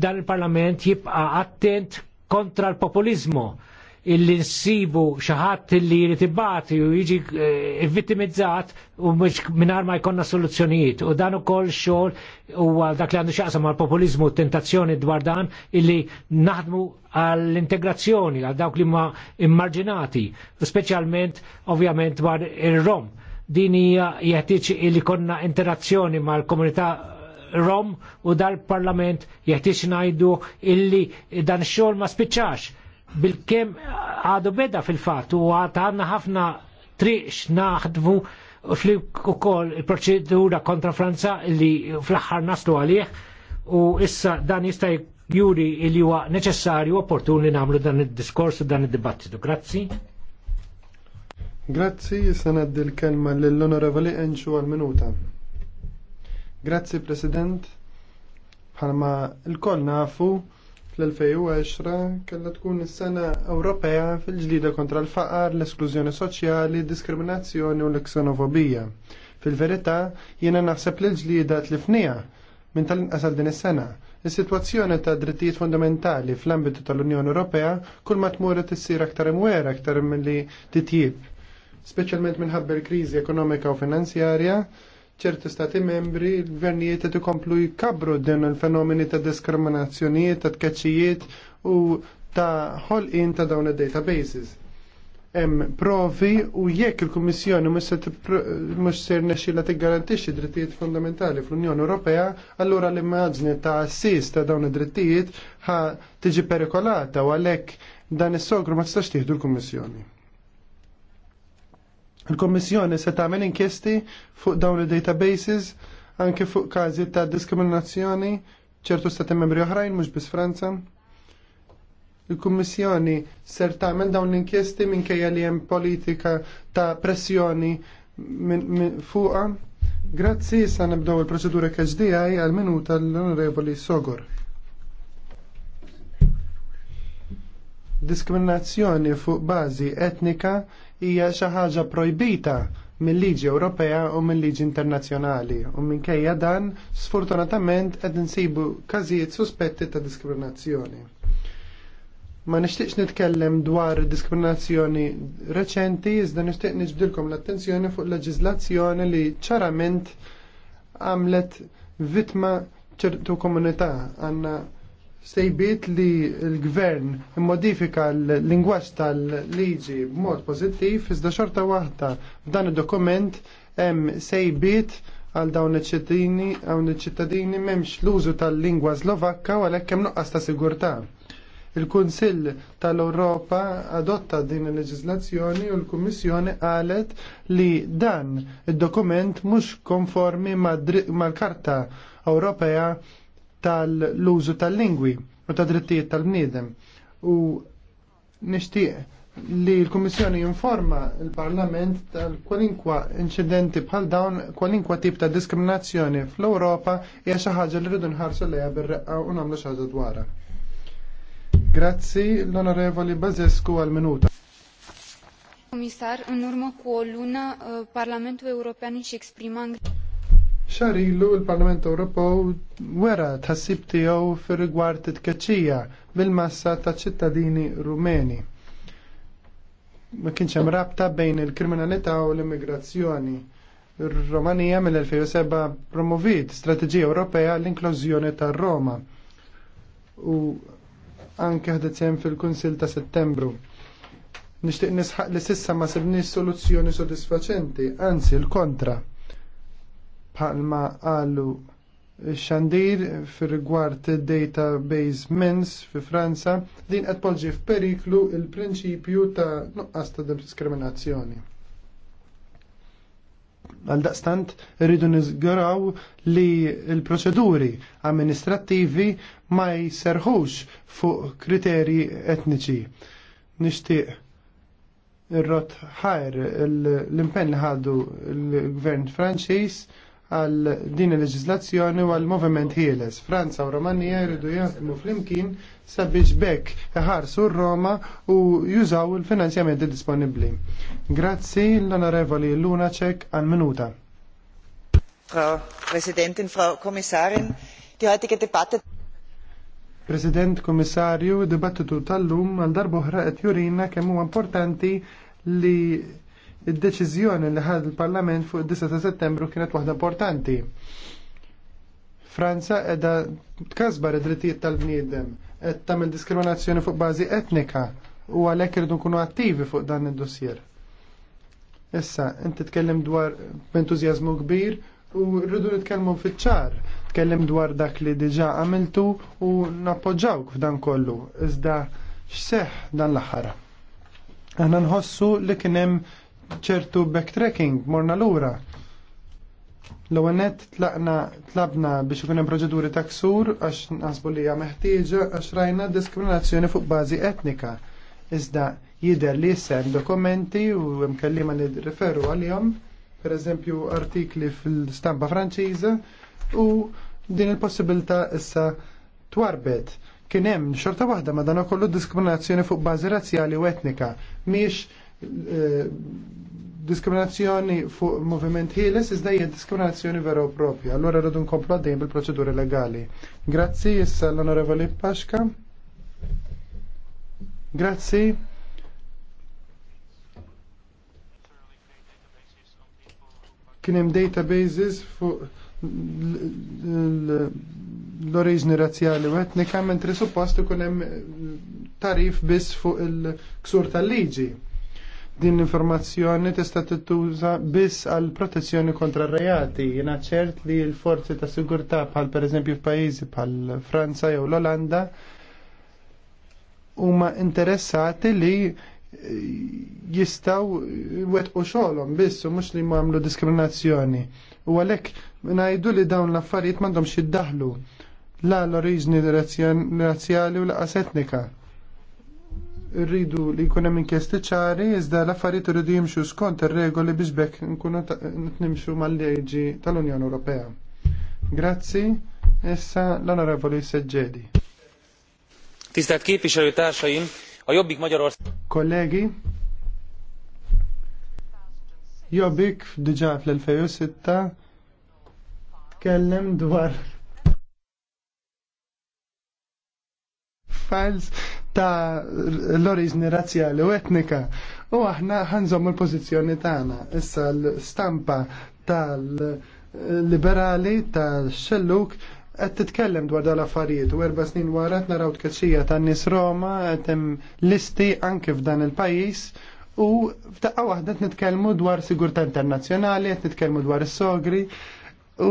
dan il-Parlament jibqa' attent kontra l-populizmu illi nsibu xaħat illi jrid ibati u jiġi eh, vittimizzat u mhux mingħajr ma jkollna soluzzjonijiet. U dan ukoll xogħol u dak li għandu xaqsam għal populizmu u tentazzjoni dwar dan illi naħdmu għall-integrazzjoni għal dawk li ma immarġinati, speċjalment ovvjament dwar ir-Rom. Din hija jeħtieġ illi konna interazzjoni mal-komunità Rom u dal-parlament jeħtieġ ngħidu illi dan xogħol ma spiċċax bil-kem għadu beda fil-fat u għadħanna ħafna triqx naħdvu fl ukoll il-proċedura kontra Franza li fl-axħar naslu għalih u issa dan jista' juri li huwa neċessarju opportun li nagħmlu dan id-diskors u dan id-dibattitu. Grazzi. Grazzi, jista' ngħaddi l-kelma lill-Onorevoli Enxu għal-minuta. Grazzi, President. Bħalma l-koll nafu fl 2020 kellha tkun is-sena Ewropea fil-ġlida kontra l-faqar, l-esklużjoni soċjali, diskriminazzjoni u l-ksenofobija. Fil-verità, jiena naħseb li l-ġlida tlifnija minn tal-inqas din is-sena. Is-sitwazzjoni ta' drittijiet fundamentali fl-ambitu tal-Unjoni Ewropea kull ma tmur tissir aktar imwer aktar milli titjib, speċjalment minħabba l-kriżi ekonomika u finanzjarja ċerti stati membri l-gvernijiet qed ikomplu jkabru din il-fenomeni ta' diskriminazzjonijiet, ta' tkeċċijiet u ta' ħolqien ta' dawn id-databases. Hemm provi u jekk il-Kummissjoni mhux ser nexxilha tiggarantixxi drittijiet fundamentali fl-Unjoni Ewropea, allura l-immaġni ta' assis ta' dawn id-drittijiet ħa tiġi perikolata u għalhekk dan is-sogru ma tistax tieħdu l-Kummissjoni. Il-Kommissjoni se tagħmel inkjesti fuq dawn il-databases anke fuq każi ta' diskriminazzjoni ċertu stati membri oħrajn mhux biss Franza. Il-Kummissjoni ser tagħmel dawn l-inkjesti minkejja li hemm politika ta' pressjoni fuqha. Grazzi sa nibdew il-proċedura KSDI għal minuta l-Onorevoli Sogor. Diskriminazzjoni fuq bażi etnika hija xi ħaġa projbita mill-liġi Ewropea u mill-liġi internazzjonali u minkejja dan sfortunatament qed insibu każijiet suspetti ta' diskriminazzjoni. Ma nixtieqx nitkellem dwar diskriminazzjoni reċenti iżda nixtieq niġbdilkom l-attenzjoni fuq leġiżlazzjoni li ċarament għamlet vittma ċertu komunità għandna sejbiet li l-gvern modifika l-lingwaġġ tal-liġi b'mod pożittiv iżda xorta waħda f'dan id-dokument hemm sejbiet għal dawn iċ-ċittadini hawn iċ-ċittadini m'hemmx l-użu tal-lingwa Slovakka u għalhekk hemm nuqqas ta' sigurtà. Il-Kunsill tal-Ewropa adotta din il leġizlazzjoni u l-Kummissjoni qalet li dan id-dokument mhux konformi mal-Karta Ewropea tal-użu tal-lingwi u ta' drittijiet tal-bniedem. U nixtieq li l-Kommissjoni informa l-Parlament tal-kwalinkwa incidenti bħal dawn kwalinkwa tip ta' diskriminazzjoni fl-Ewropa hija xi ħaġa li rridu nħarsu lejha bir-reqqa u nagħmlu xi ħaġa dwarha. Grazzi l-Onorevoli Bazescu għal minuta. Comisar, un urmă cu o lună, uh, Parlamentul European Xarilu il-Parlament Ewropew wera tħassib tiegħu fir-rigward titkeċċija mill-massa ta' ċittadini rumeni. Ma kienx hemm rabta bejn il-kriminalità u l-immigrazzjoni. Ir-Romanija mill-2007 promovit strateġija Ewropea l-inklużjoni tar Roma u anke ħdet fil-Kunsil ta' Settembru. Nixtieq nisħaq li sissa ma sibniex soluzzjoni sodisfaċenti, anzi l-kontra bħalma qalu xandir fil rigward database mens fi Franza din qed f f'periklu il-prinċipju ta' nuqqas ta' diskriminazzjoni. Għal daqstant rridu niżguraw li l-proċeduri amministrattivi ma jserħux fuq kriterji etniċi. Nixtieq il rot ħajr l-impenn li ħadu l-gvern Franċiż għal din il-leġizlazzjoni u għal moviment hieles. Franza u Romanija jridu jaħdmu flimkien sabiex bekk ħarsu Roma u jużaw il-finanzjamenti disponibli. Grazzi l-onorevoli Luna Cech għal minuta. Frau Presidentin, Frau Kommissarin, die heutige Debatte President, Kommissarju, dibattitu tal-lum għal darboħra qed jurina kemm huwa importanti li il deċiżjoni li ħad il-Parlament fuq id 10 ta' Settembru kienet waħda importanti. Franza edha tkazbar id-drittijiet tal-bniedem, qed tagħmel diskriminazzjoni fuq bażi etnika u għalhekk irridu nkunu attivi fuq dan id-dossier. Issa, inti tkellem dwar b'entużjażmu kbir u rridu nitkellmu fiċ-ċar, tkellem dwar dak li diġà għamiltu u nappoġġawk f'dan kollu. Iżda x'seħħ dan l-aħħar. Aħna nħossu li kien hemm ċertu backtracking morna lura. L-għonet tlabna biex ikun hemm proċeduri ta' ksur għax nasbu li hija meħtieġa għax rajna diskriminazzjoni fuq bażi etnika. Iżda jidher li jissem dokumenti u hemm kellima li riferu għalihom, pereżempju artikli fil-stampa Franċiża u din il-possibilità issa twarbet kien hemm xorta waħda ma dan kollu diskriminazzjoni fuq bażi razzjali u etnika. Miex diskriminazzjoni fuq moviment ħieles iżda hija diskriminazzjoni vera u propja. Allora rridu nkomplu għaddejn bil-proċeduri legali. Grazzi issa l-Onorevoli Paxka. Grazzi. Kien hemm databases fuq l-oriġni razzjali u etnika mentri suppost ikun hemm tarif biss fuq il-ksur tal-liġi din l-informazzjoni tista' tittuża biss għal protezzjoni kontra reati. Jiena ċert li l-forzi ta' sigurtà bħal pereżempju f'pajjiżi bħal Franza jew l-Olanda huma interessati li eh, jistaw wetqu xogħolhom biss u mhux li jagħmlu diskriminazzjoni. U għalhekk ngħidu li dawn l-affarijiet m'għandhomx jiddaħħlu la l-oriġni razzjali u laqas etnika rridu li jkun hemm inkjesti ċari, iżda l-affarijiet irridu jimxu skont ir-regoli biex bekk nkunu nimxu mal-leġi tal-Unjoni Ewropea. Grazzi, issa l-Onorevoli Seġġedi. Tisztelt képviselőtársaim, a Jobbik Magyarország... Kollegi, Jobbik diġa fl-2006 tkellem dwar files ta' l-oriġni razzjali u etnika. U aħna ħanżom il-pozizjoni tagħna. Issa l-stampa tal-liberali tal-xelluk qed titkellem dwar dal affarijiet u erba' snin wara naraw tkeċċija tan-nies Roma qed hemm listi anke f'dan il-pajjiż u f'daqqa waħda qed nitkellmu dwar sigurtà internazzjonali, qed nitkellmu dwar is-sogri u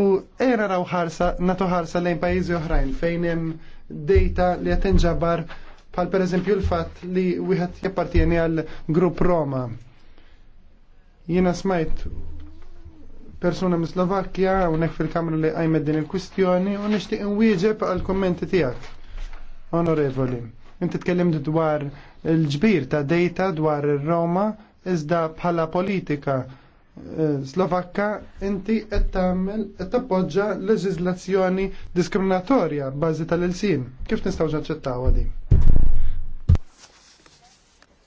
era raw ħarsa nagħtu ħarsa lejn pajjiżi oħrajn fejn hemm data li qed inġabar Pal per eżempju l-fat li wieħed jappartieni għal grupp Roma. Jiena smajt persuna mis Slovakkja hawnhekk fil-kamra li qajmet din il-kwistjoni u nixtieq inwieġeb għal kommenti tiegħek. Onorevoli, inti tkellimt dwar il-ġbir ta' dejta dwar ir-Roma iżda bħala politika eh, Slovakka inti qed tagħmel qed tappoġġa leġiżlazzjoni diskriminatorja bbażi tal-ilsin. Kif nistgħu naċċettawha din?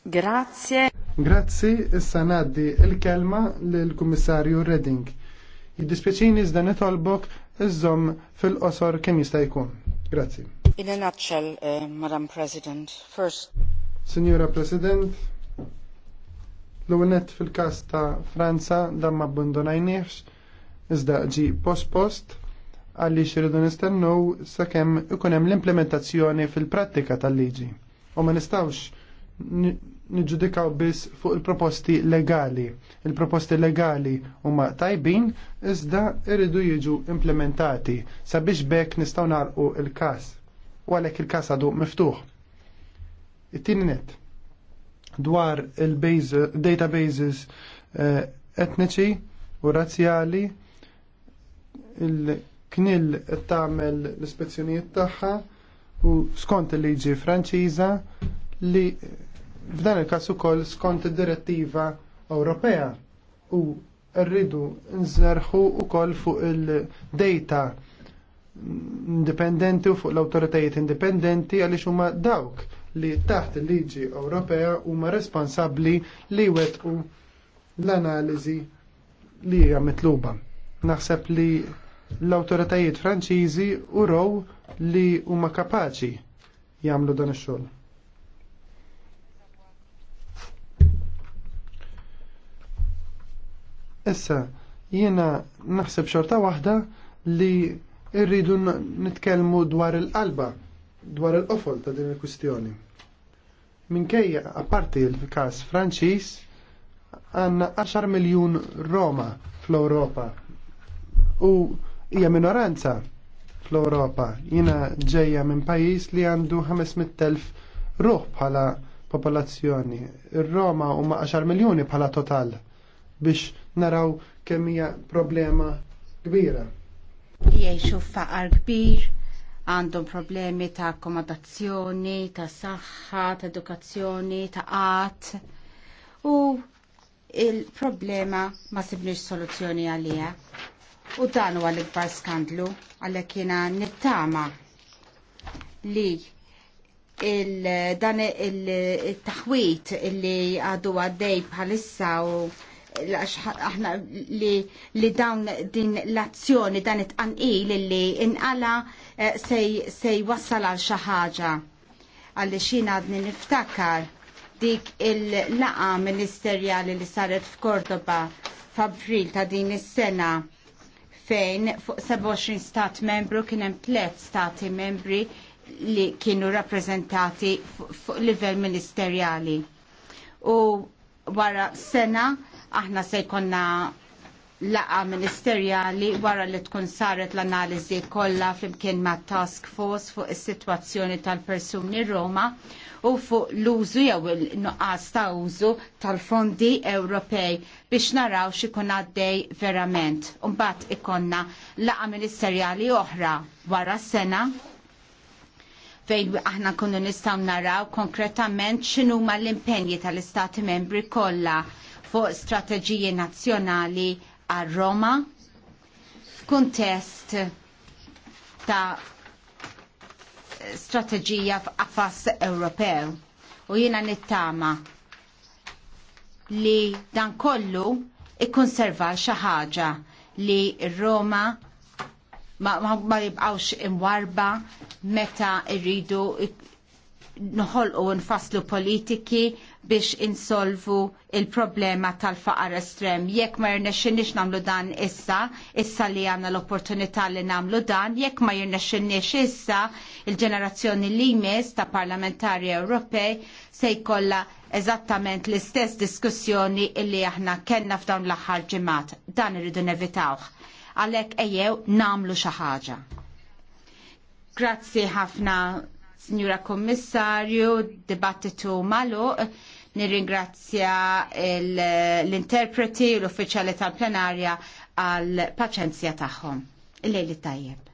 Grazie. Grazzi, issa naddi il-kelma l-Kummissarju Redding. Jiddispjaċini iżda nitolbok iżżomm fil-qosor kemm jista' jkun. Grazzi. In a nutshell, uh, Madam President, first. Signora President, l-unet fil-kas ta' Franza dan ma abbandonajniex, iżda ġi post-post, għalli xiridu nistennu sakemm ikun hemm l-implementazzjoni fil-prattika tal-liġi. U ma nistawx niġġudikaw biss fuq il-proposti legali. Il-proposti legali huma tajbin iżda irridu jiġu implementati sabiex bekk nistgħu narqu il-każ u għalhekk il-każ għadu miftuħ. It-tieni net dwar il-databases eh, etniċi u razzjali il-knil tagħmel l-ispezzjonijiet tagħha u skont il-liġi Franċiża li F'dan il-każ ukoll skont id-direttiva Ewropea u rridu nżerħu ukoll fuq il-data indipendenti u fuq l-autoritajiet indipendenti għaliex huma dawk li taħt il-liġi Ewropea huma responsabbli li wetqu l-analiżi li hija mitluba. Naħseb li l-awtoritajiet Franċiżi uraw li huma kapaċi jagħmlu dan ix-xogħol. Issa, jiena naħseb xorta waħda li irridu nitkellmu dwar il-qalba, dwar il-qofol ta' din il-kwistjoni. Minkejja, apparti l-kas Franċis, għanna 10 miljun Roma fl-Europa u hija minoranza fl-Europa. Jina ġejja minn pajis li għandu 500.000 ruħ bħala popolazzjoni. Ir-Roma huma 10 miljuni bħala total biex naraw kemm hija problema kbira. Li jgħixu faqar kbir, għandhom problemi ta' akkomodazzjoni, ta' saħħa, ta' edukazzjoni, ta' qat. U il-problema ma sibniex soluzzjoni għalija. U dan huwa l-ikbar skandlu għalhekk jiena nittama li il dan il-taħwit li għadu għaddej bħalissa u aħna li, li dawn din l-azzjoni dan it-tqanqil li inqala eh, sej, sej wassal għal xi ħaġa. Għalli xina għadni niftakar dik il-laqa ministerjali li saret f'Kordoba f'April ta' din is-sena fejn fuq 27 stat membru kien hemm tliet stati membri li kienu rappreżentati fuq livell ministerjali. U wara sena Aħna se jkollna laqa ministerjali wara li tkun saret l-analiżi kollha flimkien ma' task force fuq is-sitwazzjoni tal-persuni Roma u fuq l-użu jew il-nuqqas ta' użu tal-fondi Ewropej biex naraw x'ikun għaddej verament. Mbagħad ikonna laqa ministerjali oħra wara sena fejn aħna kunu nistgħu naraw konkretament x'inhuma l-impenji tal-Istati membri kollha fuq strateġiji nazzjonali għal Roma f'kuntest ta' strateġija f'affas Ewropew u jiena nittama li dan kollu ikkonserva xi ħaġa li Roma ma, ma, ma jibqawx imwarba meta rridu u nfasslu politiki biex insolvu il-problema tal-faqar estrem. Jekk ma jirnexxinix namlu dan issa, issa li għanna l-opportunità li namlu dan, jekk ma jirnexxinix issa, il-ġenerazzjoni li jmiss ta' parlamentari Ewropej se jkollha eżattament l-istess diskussjoni illi aħna kenna f'dawn l-aħħar ġimgħat. Dan irridu nevitawħ. Għalhekk ejjew namlu xi ħaġa. Grazzi ħafna Signora Kommissarju, dibattitu malu, nirringrazzja l-interpreti, l-uffiċjali tal-plenarja għal paċenzja tagħhom. Il-lejli tajjeb.